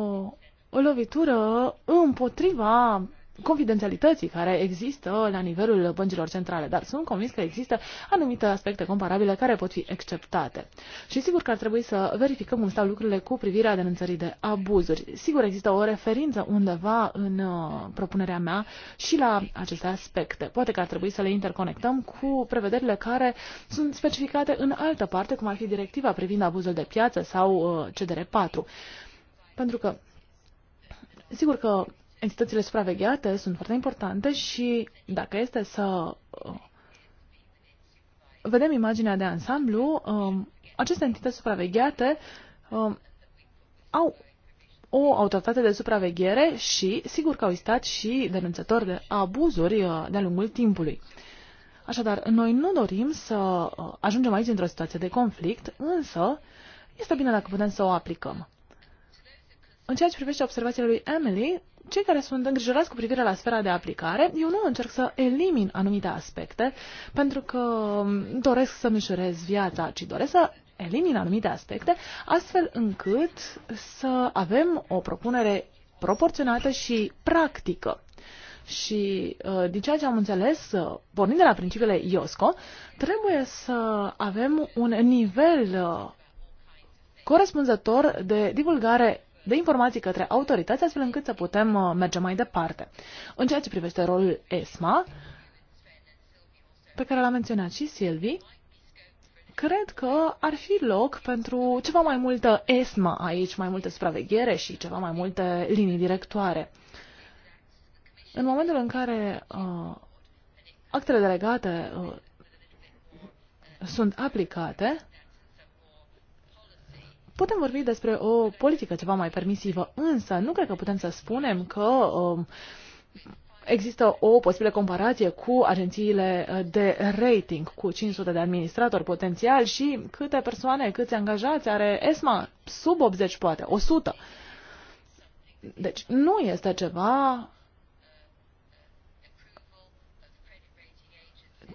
o lovitură împotriva confidențialității care există la nivelul băncilor centrale, dar sunt convins că există anumite aspecte comparabile care pot fi acceptate. Și sigur că ar trebui să verificăm cum stau lucrurile cu privirea denunțării de abuzuri. Sigur există o referință undeva în uh, propunerea mea și la aceste aspecte. Poate că ar trebui să le interconectăm cu prevederile care sunt specificate în altă parte, cum ar fi directiva privind abuzul de piață sau uh, CDR4. Pentru că Sigur că entitățile supravegheate sunt foarte importante și dacă este să uh, vedem imaginea de ansamblu, um, aceste entități supravegheate um, au o autoritate de supraveghere și, sigur că au existat și denunțători de abuzuri uh, de-a lungul timpului. Așadar, noi nu dorim să uh, ajungem aici într-o situație de conflict, însă este bine dacă putem să o aplicăm în ceea ce privește observațiile lui Emily, cei care sunt îngrijorați cu privire la sfera de aplicare, eu nu încerc să elimin anumite aspecte pentru că doresc să mișurez viața, ci doresc să elimin anumite aspecte, astfel încât să avem o propunere proporționată și practică. Și uh, din ceea ce am înțeles, uh, pornind de la principiile IOSCO, trebuie să avem un nivel uh, corespunzător de divulgare de informații către autorități, astfel încât să putem uh, merge mai departe. În ceea ce privește rolul ESMA, pe care l-a menționat și Silvi, cred că ar fi loc pentru ceva mai multă ESMA aici, mai multe supraveghere și ceva mai multe linii directoare. În momentul în care uh, actele delegate uh, sunt aplicate, Putem vorbi despre o politică ceva mai permisivă, însă nu cred că putem să spunem că um, există o posibilă comparație cu agențiile uh, de rating, cu 500 de administratori potențial și câte persoane, câți angajați are ESMA, sub 80 poate, 100. Deci nu este ceva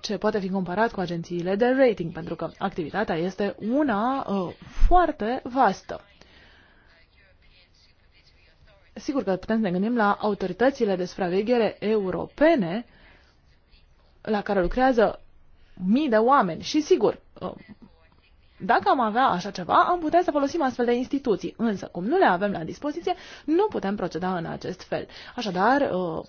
ce poate fi comparat cu agențiile de rating, pentru că activitatea este una uh, foarte vastă. Sigur că putem să ne gândim la autoritățile de supraveghere europene la care lucrează mii de oameni și sigur, uh, dacă am avea așa ceva, am putea să folosim astfel de instituții, însă cum nu le avem la dispoziție, nu putem proceda în acest fel. Așadar, uh,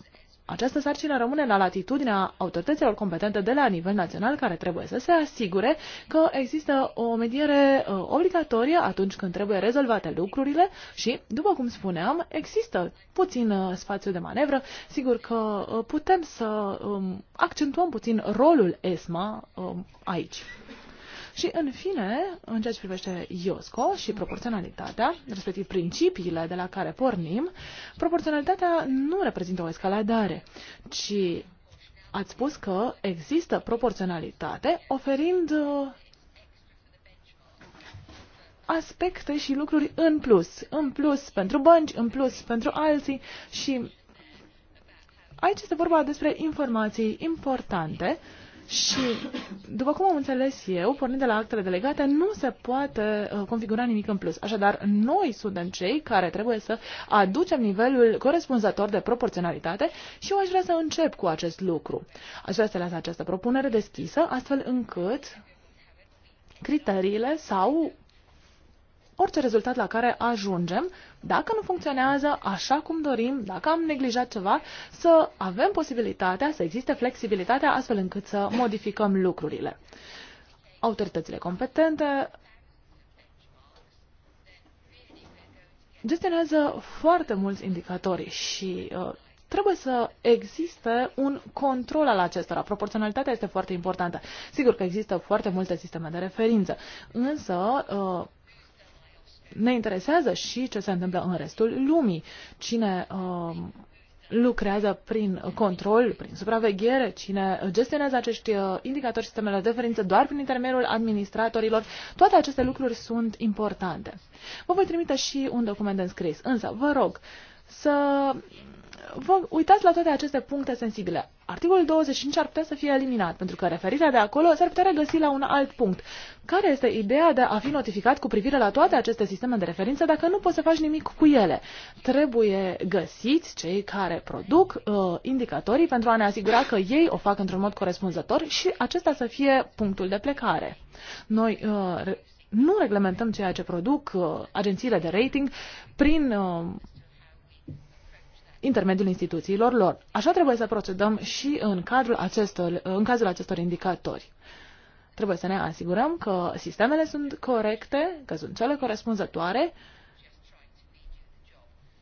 această sarcină rămâne la latitudinea autorităților competente de la nivel național care trebuie să se asigure că există o mediere uh, obligatorie atunci când trebuie rezolvate lucrurile și, după cum spuneam, există puțin uh, spațiu de manevră. Sigur că uh, putem să um, accentuăm puțin rolul ESMA um, aici. Și, în fine, în ceea ce privește IOSCO și proporționalitatea, respectiv principiile de la care pornim, proporționalitatea nu reprezintă o escaladare, ci ați spus că există proporționalitate oferind uh, aspecte și lucruri în plus. În plus pentru bănci, în plus pentru alții și aici este vorba despre informații importante uh, și, după cum am înțeles eu, pornind de la actele delegate, nu se poate uh, configura nimic în plus. Așadar, noi suntem cei care trebuie să aducem nivelul corespunzător de proporționalitate și eu aș vrea să încep cu acest lucru. Aș vrea să las această propunere deschisă, astfel încât criteriile sau orice rezultat la care ajungem, dacă nu funcționează așa cum dorim, dacă am neglijat ceva, să avem posibilitatea, să existe flexibilitatea astfel încât să modificăm lucrurile. Autoritățile competente gestionează foarte mulți indicatori și uh, trebuie să existe un control al acestora. Proporționalitatea este foarte importantă. Sigur că există foarte multe sisteme de referință, însă uh, ne interesează și ce se întâmplă în restul lumii. Cine uh, lucrează prin control, prin supraveghere, cine gestionează acești uh, indicatori sistemele de referință doar prin intermediul administratorilor. Toate aceste lucruri sunt importante. Vă voi trimite și un document în scris, însă vă rog să vă uitați la toate aceste puncte sensibile. Articolul 25 ar putea să fie eliminat, pentru că referirea de acolo s-ar putea regăsi la un alt punct. Care este ideea de a fi notificat cu privire la toate aceste sisteme de referință dacă nu poți să faci nimic cu ele? Trebuie găsiți cei care produc uh, indicatorii pentru a ne asigura că ei o fac într-un mod corespunzător și acesta să fie punctul de plecare. Noi uh, nu reglementăm ceea ce produc uh, agențiile de rating prin uh, intermediul instituțiilor lor. Așa trebuie să procedăm și în, cadrul acestor, în cazul acestor indicatori. Trebuie să ne asigurăm că sistemele sunt corecte, că sunt cele corespunzătoare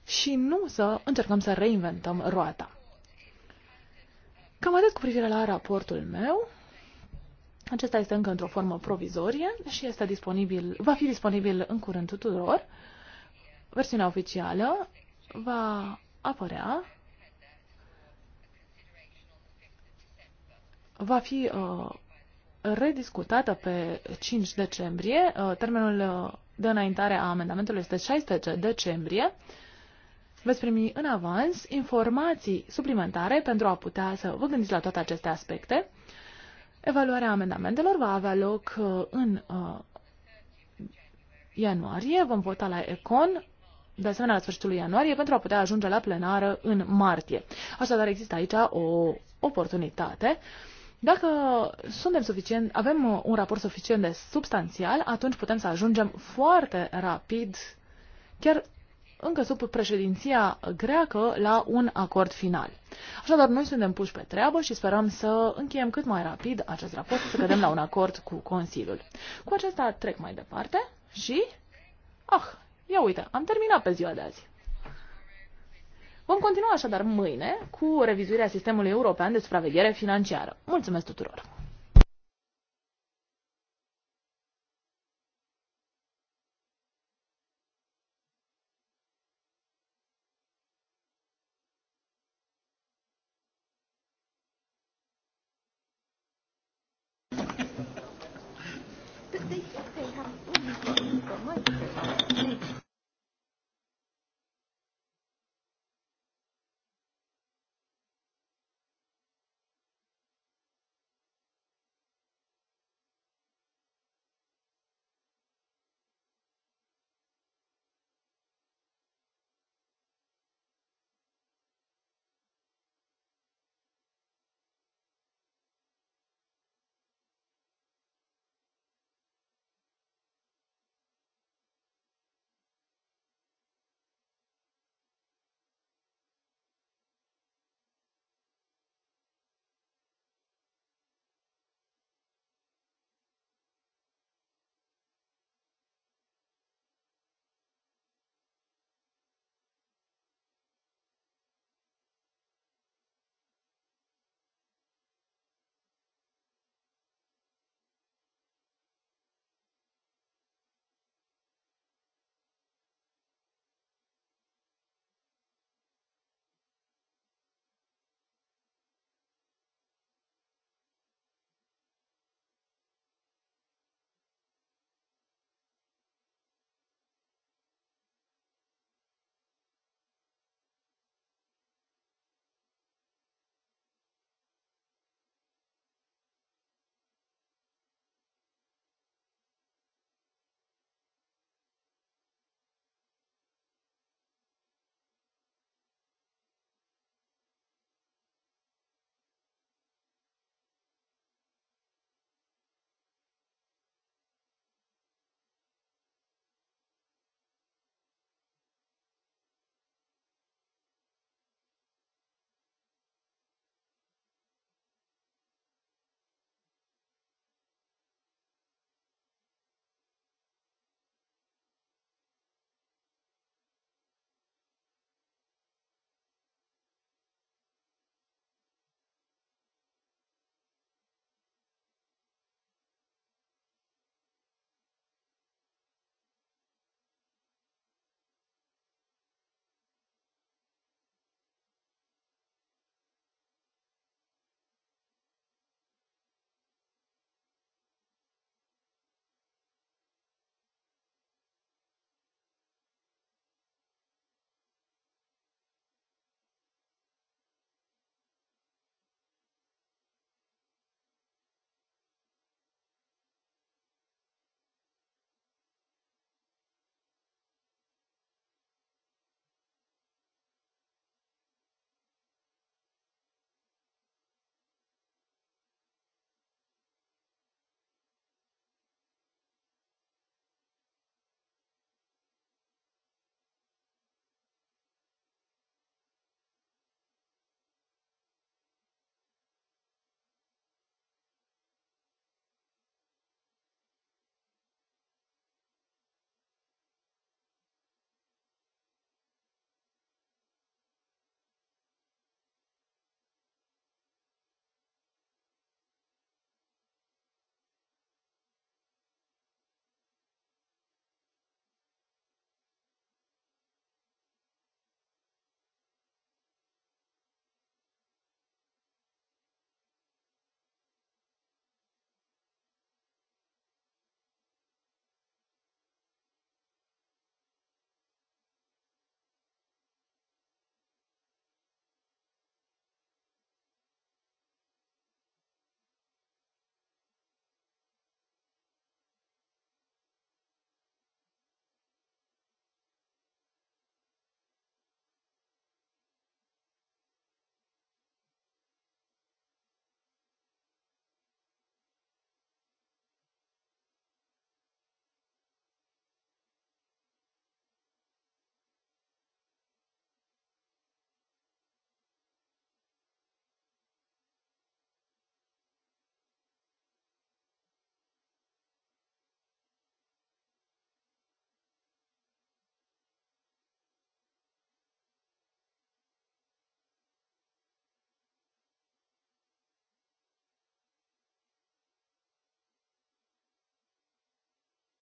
și nu să încercăm să reinventăm roata. Cam atât cu privire la raportul meu. Acesta este încă într-o formă provizorie și este disponibil, va fi disponibil în curând tuturor. Versiunea oficială va apărea va fi uh, rediscutată pe 5 decembrie. Uh, termenul uh, de înaintare a amendamentului este 16 decembrie. Veți primi în avans informații suplimentare pentru a putea să vă gândiți la toate aceste aspecte. Evaluarea amendamentelor va avea loc uh, în uh, ianuarie. Vom vota la ECON de asemenea la sfârșitul ianuarie, pentru a putea ajunge la plenară în martie. Așadar, există aici o oportunitate. Dacă suntem suficient, avem un raport suficient de substanțial, atunci putem să ajungem foarte rapid, chiar încă sub președinția greacă, la un acord final. Așadar, noi suntem puși pe treabă și sperăm să încheiem cât mai rapid acest raport, să cădem la un acord cu Consiliul. Cu acesta trec mai departe și... Ah, Ia uite, am terminat pe ziua de azi. Vom continua așadar mâine cu revizuirea sistemului european de supraveghere financiară. Mulțumesc tuturor!